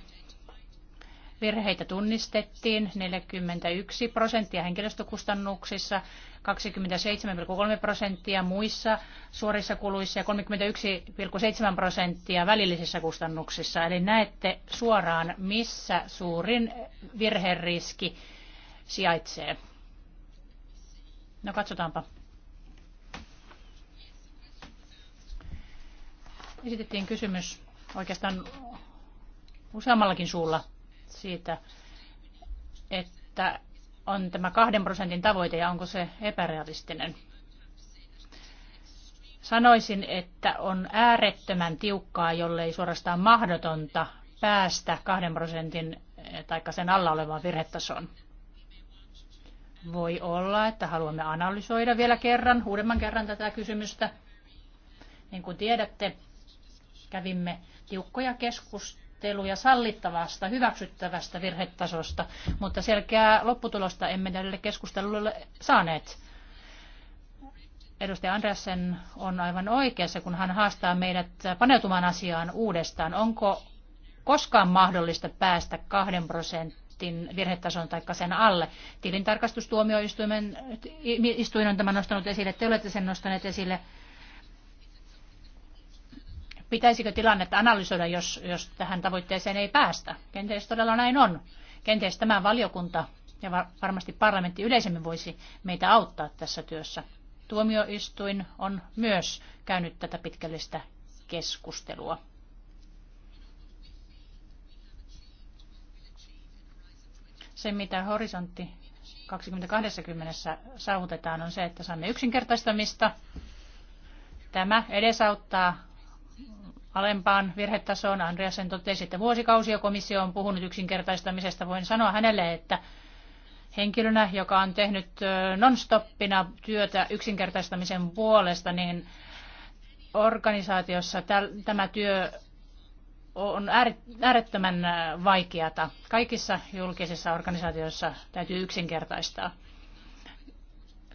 Virheitä tunnistettiin 41 prosenttia henkilöstökustannuksissa, 27,3 prosenttia muissa suorissa kuluissa ja 31,7 prosenttia välillisissä kustannuksissa. Eli näette suoraan, missä suurin virheriski sijaitsee. No katsotaanpa. Esitettiin kysymys oikeastaan useammallakin suulla siitä, että on tämä kahden prosentin tavoite ja onko se epärealistinen. Sanoisin, että on äärettömän tiukkaa, jollei suorastaan mahdotonta päästä kahden prosentin tai sen alla olevaan virhetasoon. Voi olla, että haluamme analysoida vielä kerran, uudemman kerran tätä kysymystä. Niin kuin tiedätte, kävimme tiukkoja keskusteluja sallittavasta, hyväksyttävästä virhetasosta, mutta selkeää lopputulosta emme tälle keskustelulle saaneet. Edustaja Andersen on aivan oikeassa, kun hän haastaa meidät paneutumaan asiaan uudestaan. Onko koskaan mahdollista päästä kahden prosenttia? prosentin virhetason tai sen alle. Tilintarkastustuomioistuimen istuin on tämän nostanut esille, te olette sen nostaneet esille. Pitäisikö tilannetta analysoida, jos, jos tähän tavoitteeseen ei päästä? Kenties todella näin on. Kenties tämä valiokunta ja varmasti parlamentti yleisemmin voisi meitä auttaa tässä työssä. Tuomioistuin on myös käynyt tätä pitkällistä keskustelua. Se, mitä horisontti 2020 saavutetaan, on se, että saamme yksinkertaistamista. Tämä edesauttaa alempaan virhetasoon. sen totesi, että vuosikausia komissio on puhunut yksinkertaistamisesta. Voin sanoa hänelle, että henkilönä, joka on tehnyt nonstoppina työtä yksinkertaistamisen puolesta, niin organisaatiossa tämä työ on äärettömän äh, vaikeata. Kaikissa julkisissa organisaatioissa täytyy yksinkertaistaa.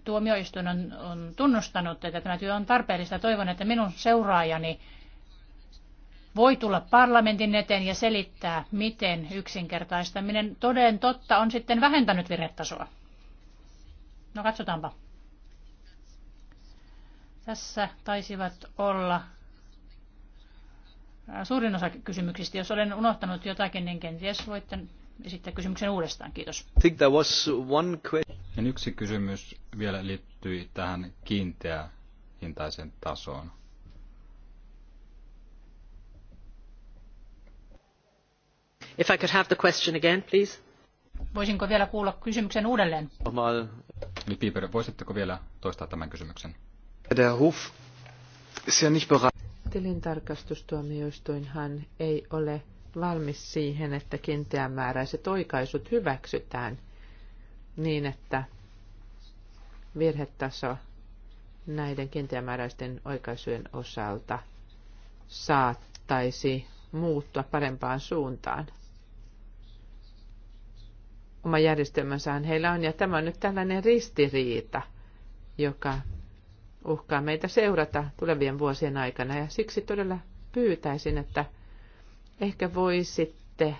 Tuomioistuin on, on tunnustanut, että tämä työ on tarpeellista. Toivon, että minun seuraajani voi tulla parlamentin eteen ja selittää, miten yksinkertaistaminen toden totta on sitten vähentänyt virhetasoa. No katsotaanpa. Tässä taisivat olla Äh, suurin osa kysymyksistä. Jos olen unohtanut jotakin, niin kenties voitte esittää kysymyksen uudestaan. Kiitos. Think there was one question. Yksi kysymys vielä liittyy tähän kiinteä hintaisen tasoon. If I could have the question again, please. Voisinko vielä kuulla kysymyksen uudelleen? Eli Piper, voisitteko vielä toistaa tämän kysymyksen? Der Hof ist ja nicht bereit hän ei ole valmis siihen, että kiinteämääräiset oikaisut hyväksytään niin, että virhetaso näiden kiinteämääräisten oikaisujen osalta saattaisi muuttua parempaan suuntaan. Oma järjestelmänsä heillä on, ja tämä on nyt tällainen ristiriita, joka uhkaa meitä seurata tulevien vuosien aikana. Ja siksi todella pyytäisin, että ehkä voisitte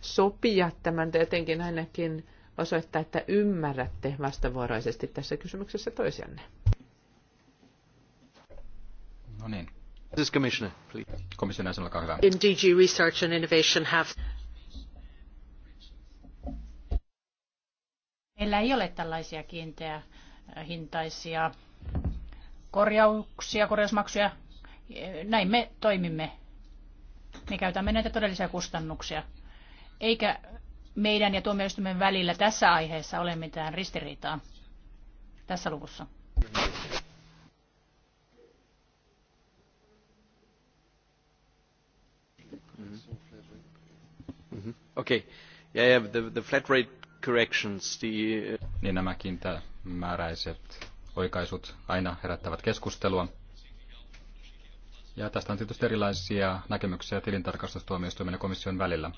sopia tämän tai jotenkin ainakin osoittaa, että ymmärrätte vastavuoroisesti tässä kysymyksessä toisianne. No niin. This commissioner, please. Commissioner, olkaa hyvä. In DG Research and Innovation have... Meillä ei ole tällaisia kiinteä hintaisia korjauksia, korjausmaksuja. Näin me toimimme. Me käytämme näitä todellisia kustannuksia. Eikä meidän ja tuomioistuimen välillä tässä aiheessa ole mitään ristiriitaa tässä luvussa. Mm-hmm. Okay. Yeah, yeah, the, the flat rate corrections, the... Uh, niin nämä määräiset oikaisut aina herättävät keskustelua. Ja tästä on tietysti erilaisia näkemyksiä tilintarkastustuomioistuimen ja komission välillä.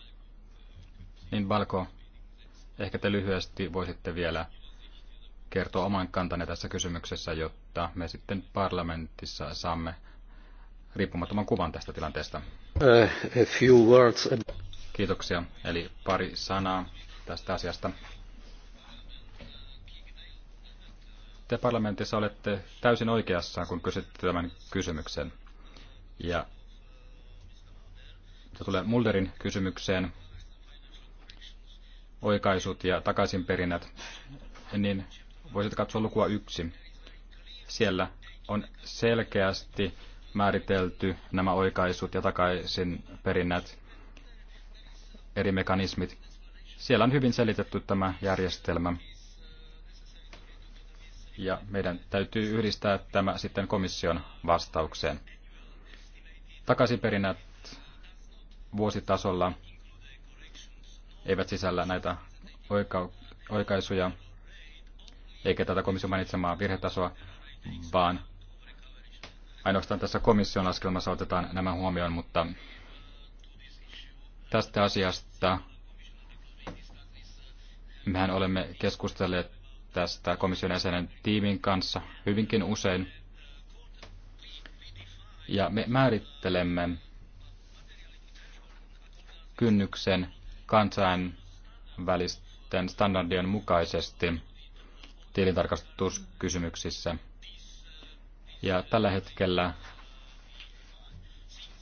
Niin Valko, ehkä te lyhyesti voisitte vielä kertoa oman kantanne tässä kysymyksessä, jotta me sitten parlamentissa saamme riippumattoman kuvan tästä tilanteesta. Uh, Kiitoksia. Eli pari sanaa tästä asiasta. te parlamentissa olette täysin oikeassa, kun kysytte tämän kysymyksen. Ja se tulee Mulderin kysymykseen, oikaisut ja takaisinperinnät, niin voisit katsoa lukua yksi. Siellä on selkeästi määritelty nämä oikaisut ja takaisinperinnät, eri mekanismit. Siellä on hyvin selitetty tämä järjestelmä ja meidän täytyy yhdistää tämä sitten komission vastaukseen. Takaisinperinnät vuositasolla eivät sisällä näitä oika- oikaisuja eikä tätä komission mainitsemaa virhetasoa, vaan ainoastaan tässä komission laskelmassa otetaan nämä huomioon, mutta tästä asiasta mehän olemme keskustelleet tästä komission jäsenen tiimin kanssa hyvinkin usein. Ja me määrittelemme kynnyksen kansainvälisten standardien mukaisesti tilintarkastuskysymyksissä. Ja tällä hetkellä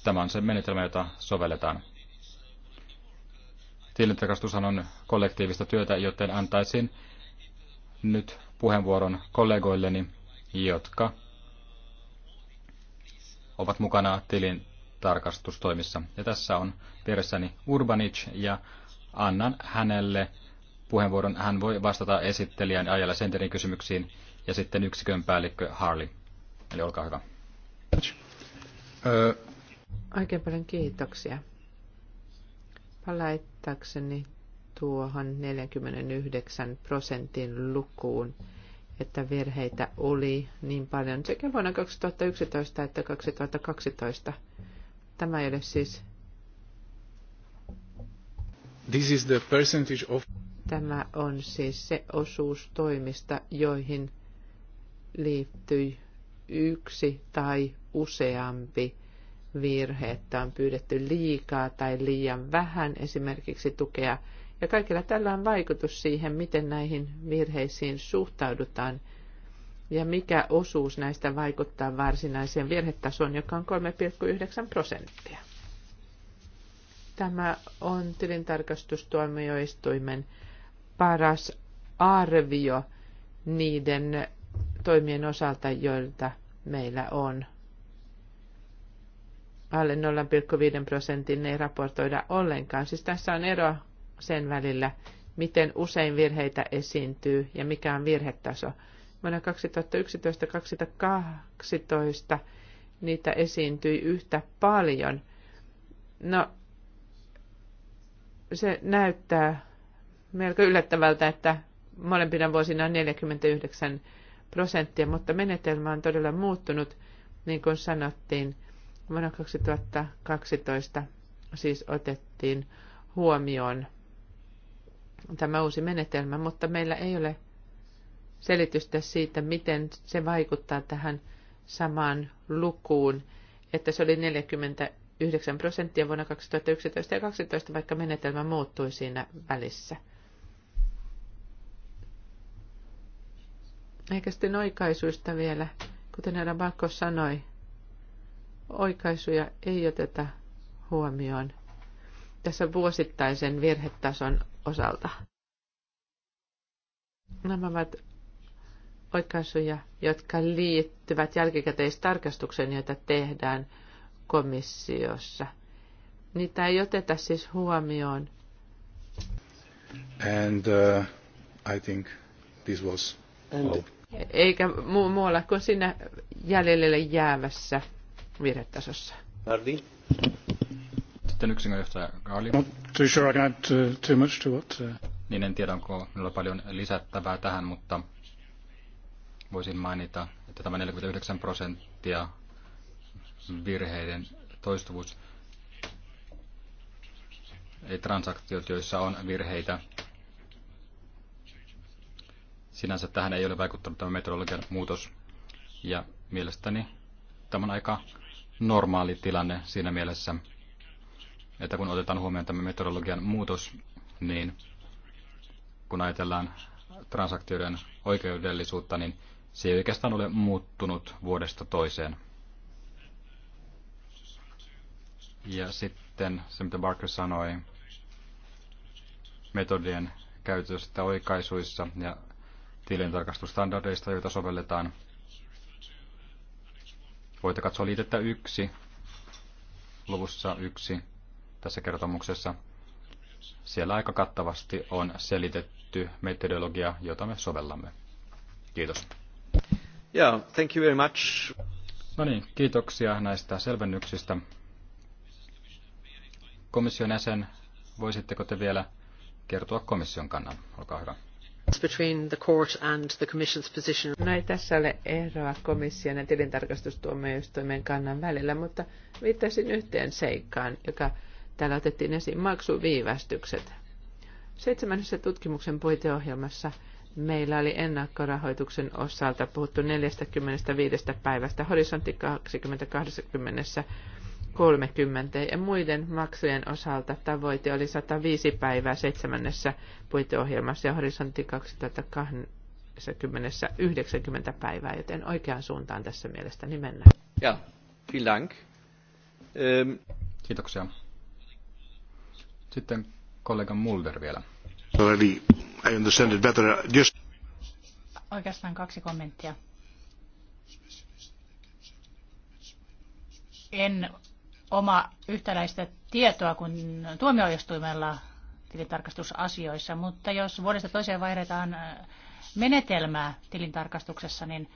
tämä on se menetelmä, jota sovelletaan. Tilintarkastushan on kollektiivista työtä, joten antaisin nyt puheenvuoron kollegoilleni, jotka ovat mukana tilin tarkastustoimissa. Ja tässä on vieressäni Urbanic ja annan hänelle puheenvuoron. Hän voi vastata esittelijän ajalla senterin kysymyksiin ja sitten yksikön päällikkö Harley. Eli olkaa hyvä. Oikein paljon kiitoksia. Palaittaakseni tuohon 49 prosentin lukuun, että virheitä oli niin paljon sekä vuonna 2011 että 2012. Tämä ei ole siis This is the percentage of... Tämä on siis se osuus toimista, joihin liittyi yksi tai useampi virhe, että on pyydetty liikaa tai liian vähän esimerkiksi tukea ja kaikilla tällä on vaikutus siihen, miten näihin virheisiin suhtaudutaan ja mikä osuus näistä vaikuttaa varsinaiseen virhetasoon, joka on 3,9 prosenttia. Tämä on tilintarkastustuomioistuimen paras arvio niiden toimien osalta, joilta meillä on. Alle 0,5 prosentin ei raportoida ollenkaan. Siis tässä on eroa sen välillä, miten usein virheitä esiintyy ja mikä on virhetaso. Vuonna 2011-2012 niitä esiintyi yhtä paljon. No, se näyttää melko yllättävältä, että molempina vuosina on 49 prosenttia, mutta menetelmä on todella muuttunut, niin kuin sanottiin, vuonna 2012 siis otettiin huomioon tämä uusi menetelmä, mutta meillä ei ole selitystä siitä, miten se vaikuttaa tähän samaan lukuun, että se oli 49 prosenttia vuonna 2011 ja 2012, vaikka menetelmä muuttui siinä välissä. Eikä sitten oikaisuista vielä, kuten herra Bakko sanoi, oikaisuja ei oteta huomioon tässä vuosittaisen virhetason osalta. Nämä ovat oikaisuja, jotka liittyvät jälkikäteistarkastukseen, joita tehdään komissiossa. Niitä ei oteta siis huomioon. And uh, I think this was all. Eikä mu- muualla kuin siinä jäljelle jäävässä virhetasossa. Mardi. Sitten yksinjohtaja Kaali. Uh, uh, niin en tiedä, onko minulla paljon lisättävää tähän, mutta voisin mainita, että tämä 49 prosenttia virheiden toistuvuus, ei transaktiot, joissa on virheitä, sinänsä tähän ei ole vaikuttanut tämä metodologian muutos. Ja mielestäni tämä on aika normaali tilanne siinä mielessä, että kun otetaan huomioon tämä metodologian muutos, niin kun ajatellaan transaktioiden oikeudellisuutta, niin se ei oikeastaan ole muuttunut vuodesta toiseen. Ja sitten se, mitä Barker sanoi metodien käytöstä oikaisuissa ja tilintarkastustandardeista, joita sovelletaan. Voitte katsoa liitettä yksi luvussa yksi tässä kertomuksessa. Siellä aika kattavasti on selitetty metodologia, jota me sovellamme. Kiitos. Yeah, thank you very much. No niin, kiitoksia näistä selvennyksistä. Komission jäsen, voisitteko te vielä kertoa komission kannan? Olkaa hyvä. Between the court and the commission's position. No ei tässä ole eroa komission ja tilintarkastustuomioistuimen kannan välillä, mutta viittaisin yhteen seikkaan, joka Täällä otettiin esiin maksuviivästykset. Seitsemännessä tutkimuksen puiteohjelmassa meillä oli ennakkorahoituksen osalta puhuttu 45 päivästä horisontti 2020 30 ja muiden maksujen osalta tavoite oli 105 päivää seitsemännessä puiteohjelmassa ja horisontti 2020 90 päivää, joten oikeaan suuntaan tässä mielestäni mennään. Ja, vielen dank. Ähm. Kiitoksia. Sitten kollega Mulder vielä. I understand it better. Just... Oikeastaan kaksi kommenttia. En oma yhtäläistä tietoa kuin tuomioistuimella tilintarkastusasioissa, mutta jos vuodesta toiseen vaihdetaan äh, menetelmää tilintarkastuksessa, niin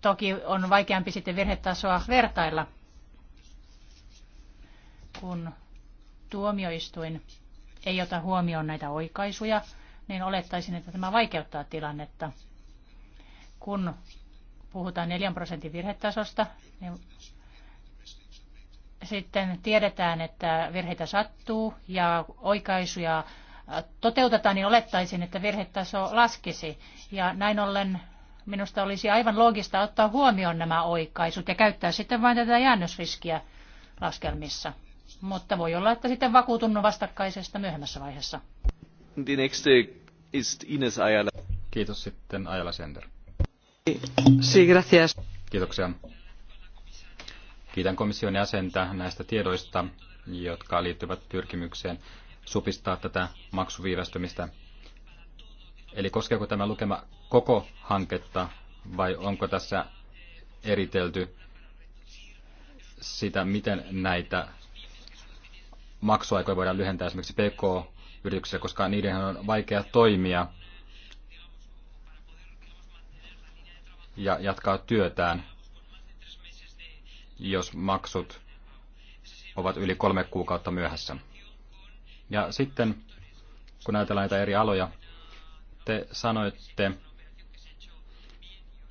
toki on vaikeampi sitten virhetasoa vertailla kun tuomioistuin ei ota huomioon näitä oikaisuja, niin olettaisin, että tämä vaikeuttaa tilannetta. Kun puhutaan 4 prosentin virhetasosta, niin sitten tiedetään, että virheitä sattuu ja oikaisuja toteutetaan, niin olettaisin, että virhetaso laskisi. Ja näin ollen minusta olisi aivan loogista ottaa huomioon nämä oikaisut ja käyttää sitten vain tätä jäännösriskiä laskelmissa mutta voi olla, että sitten vakuutunut vastakkaisesta myöhemmässä vaiheessa. Die nächste ist Ines Ayala. Kiitos sitten Ayala Sender. Sí, gracias. Kiitoksia. Kiitän komission jäsentä näistä tiedoista, jotka liittyvät pyrkimykseen supistaa tätä maksuviivästymistä. Eli koskeeko tämä lukema koko hanketta vai onko tässä eritelty sitä, miten näitä maksuaikoja voidaan lyhentää esimerkiksi pk yrityksille koska niiden on vaikea toimia ja jatkaa työtään, jos maksut ovat yli kolme kuukautta myöhässä. Ja sitten, kun ajatellaan näitä eri aloja, te sanoitte,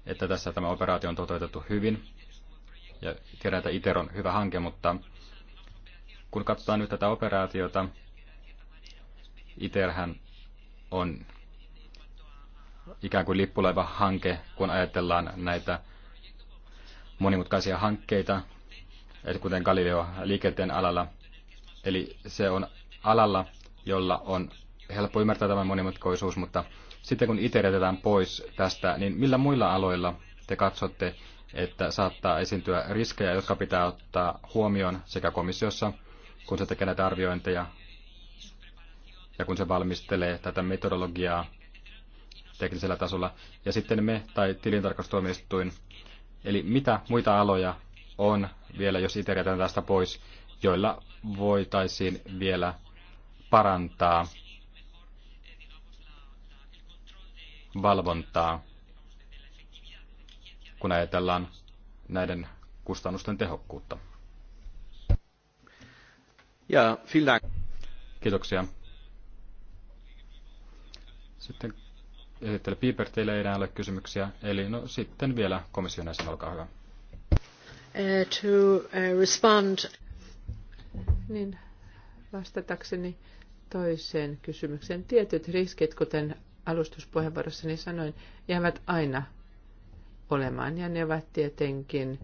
että tässä tämä operaatio on toteutettu hyvin. Ja tiedän, että ITER on hyvä hanke, mutta kun katsotaan nyt tätä operaatiota, ITERhän on ikään kuin hanke, kun ajatellaan näitä monimutkaisia hankkeita, kuten Galileo liikenteen alalla. Eli se on alalla, jolla on helppo ymmärtää tämä monimutkaisuus, mutta sitten kun ITER jätetään pois tästä, niin millä muilla aloilla te katsotte, että saattaa esiintyä riskejä, jotka pitää ottaa huomioon sekä komissiossa kun se tekee näitä arviointeja ja kun se valmistelee tätä metodologiaa teknisellä tasolla. Ja sitten me tai tilintarkastustuomioistuin, eli mitä muita aloja on vielä, jos itse jätetään tästä pois, joilla voitaisiin vielä parantaa valvontaa, kun ajatellaan näiden kustannusten tehokkuutta. Ja, vielen Kiitoksia. Sitten esittely Piper, teillä ei enää ole kysymyksiä. Eli no sitten vielä komission jäsen, olkaa hyvä. Eh, to eh, respond. Niin, vastatakseni toiseen kysymykseen. Tietyt riskit, kuten alustuspuheenvuorossani sanoin, jäävät aina olemaan ja ne ovat tietenkin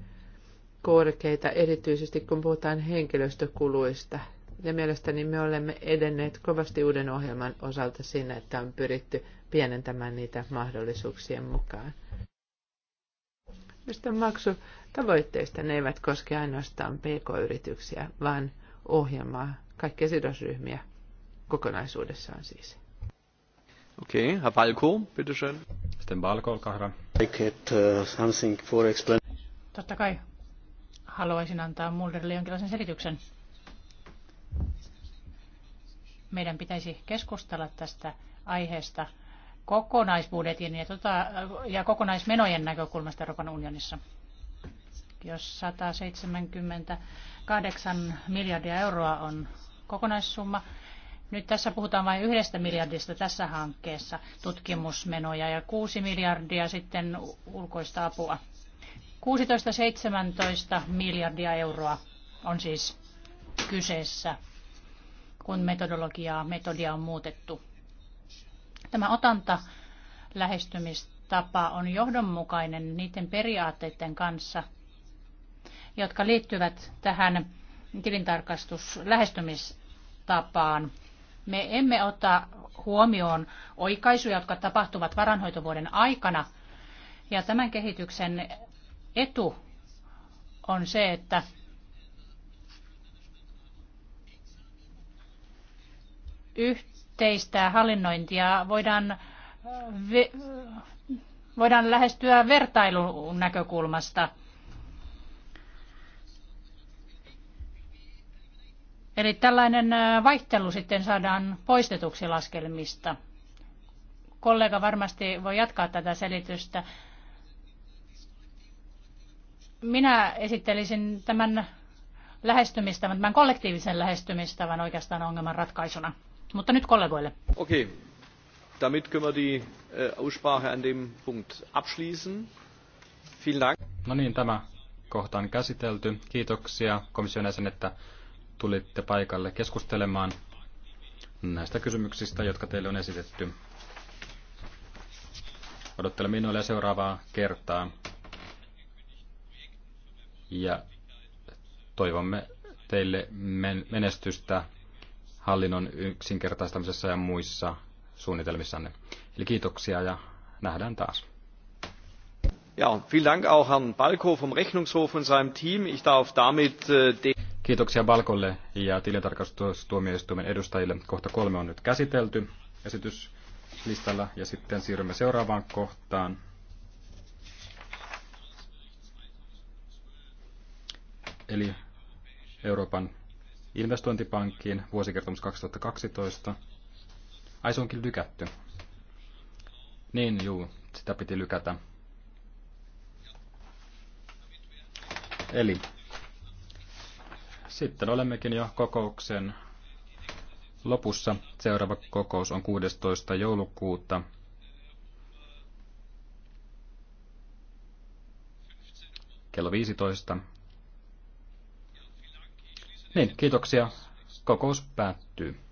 korkeita, erityisesti kun puhutaan henkilöstökuluista. Ja mielestäni me olemme edenneet kovasti uuden ohjelman osalta siinä, että on pyritty pienentämään niitä mahdollisuuksien mukaan. Mistä maksu tavoitteista ne eivät koske ainoastaan pk-yrityksiä, vaan ohjelmaa, kaikkia sidosryhmiä kokonaisuudessaan siis. Okei, okay, Herr Balko, bitteschön. Sitten Balko, olkaa hyvä. Uh, Totta kai haluaisin antaa Mulderille jonkinlaisen selityksen. Meidän pitäisi keskustella tästä aiheesta kokonaisbudjetin ja, tota, ja kokonaismenojen näkökulmasta Euroopan unionissa. Jos 178 miljardia euroa on kokonaissumma, nyt tässä puhutaan vain yhdestä miljardista tässä hankkeessa tutkimusmenoja ja kuusi miljardia sitten ulkoista apua. 16-17 miljardia euroa on siis kyseessä, kun metodologiaa, metodia on muutettu. Tämä otanta lähestymistapa on johdonmukainen niiden periaatteiden kanssa, jotka liittyvät tähän tilintarkastuslähestymistapaan. Me emme ota huomioon oikaisuja, jotka tapahtuvat varanhoitovuoden aikana, ja tämän kehityksen etu on se, että yhteistä hallinnointia voidaan, voidaan lähestyä vertailun näkökulmasta. Eli tällainen vaihtelu sitten saadaan poistetuksi laskelmista. Kollega varmasti voi jatkaa tätä selitystä. Minä esittelisin tämän lähestymistavan, tämän kollektiivisen lähestymistavan oikeastaan ongelman ratkaisuna. Mutta nyt kollegoille. Okei. Okay. Damit können wir die äh, Aussprache an dem Punkt abschließen. Vielen Dank. No niin, tämä kohta on käsitelty. Kiitoksia komission jäsen, että tulitte paikalle keskustelemaan näistä kysymyksistä, jotka teille on esitetty. Odottelemme innoilla seuraavaa kertaa ja toivomme teille menestystä hallinnon yksinkertaistamisessa ja muissa suunnitelmissanne. Eli kiitoksia ja nähdään taas. Ja, vielen Dank auch Herrn Balko vom Rechnungshof und seinem Team. Ich darf damit äh, Kiitoksia Balkolle ja tilintarkastustuomioistuimen edustajille. Kohta kolme on nyt käsitelty esityslistalla ja sitten siirrymme seuraavaan kohtaan. eli Euroopan investointipankkiin vuosikertomus 2012. Ai se onkin lykätty. Niin juu, sitä piti lykätä. Eli sitten olemmekin jo kokouksen lopussa. Seuraava kokous on 16. joulukuuta. kello 15 niin, kiitoksia. Kokous päättyy.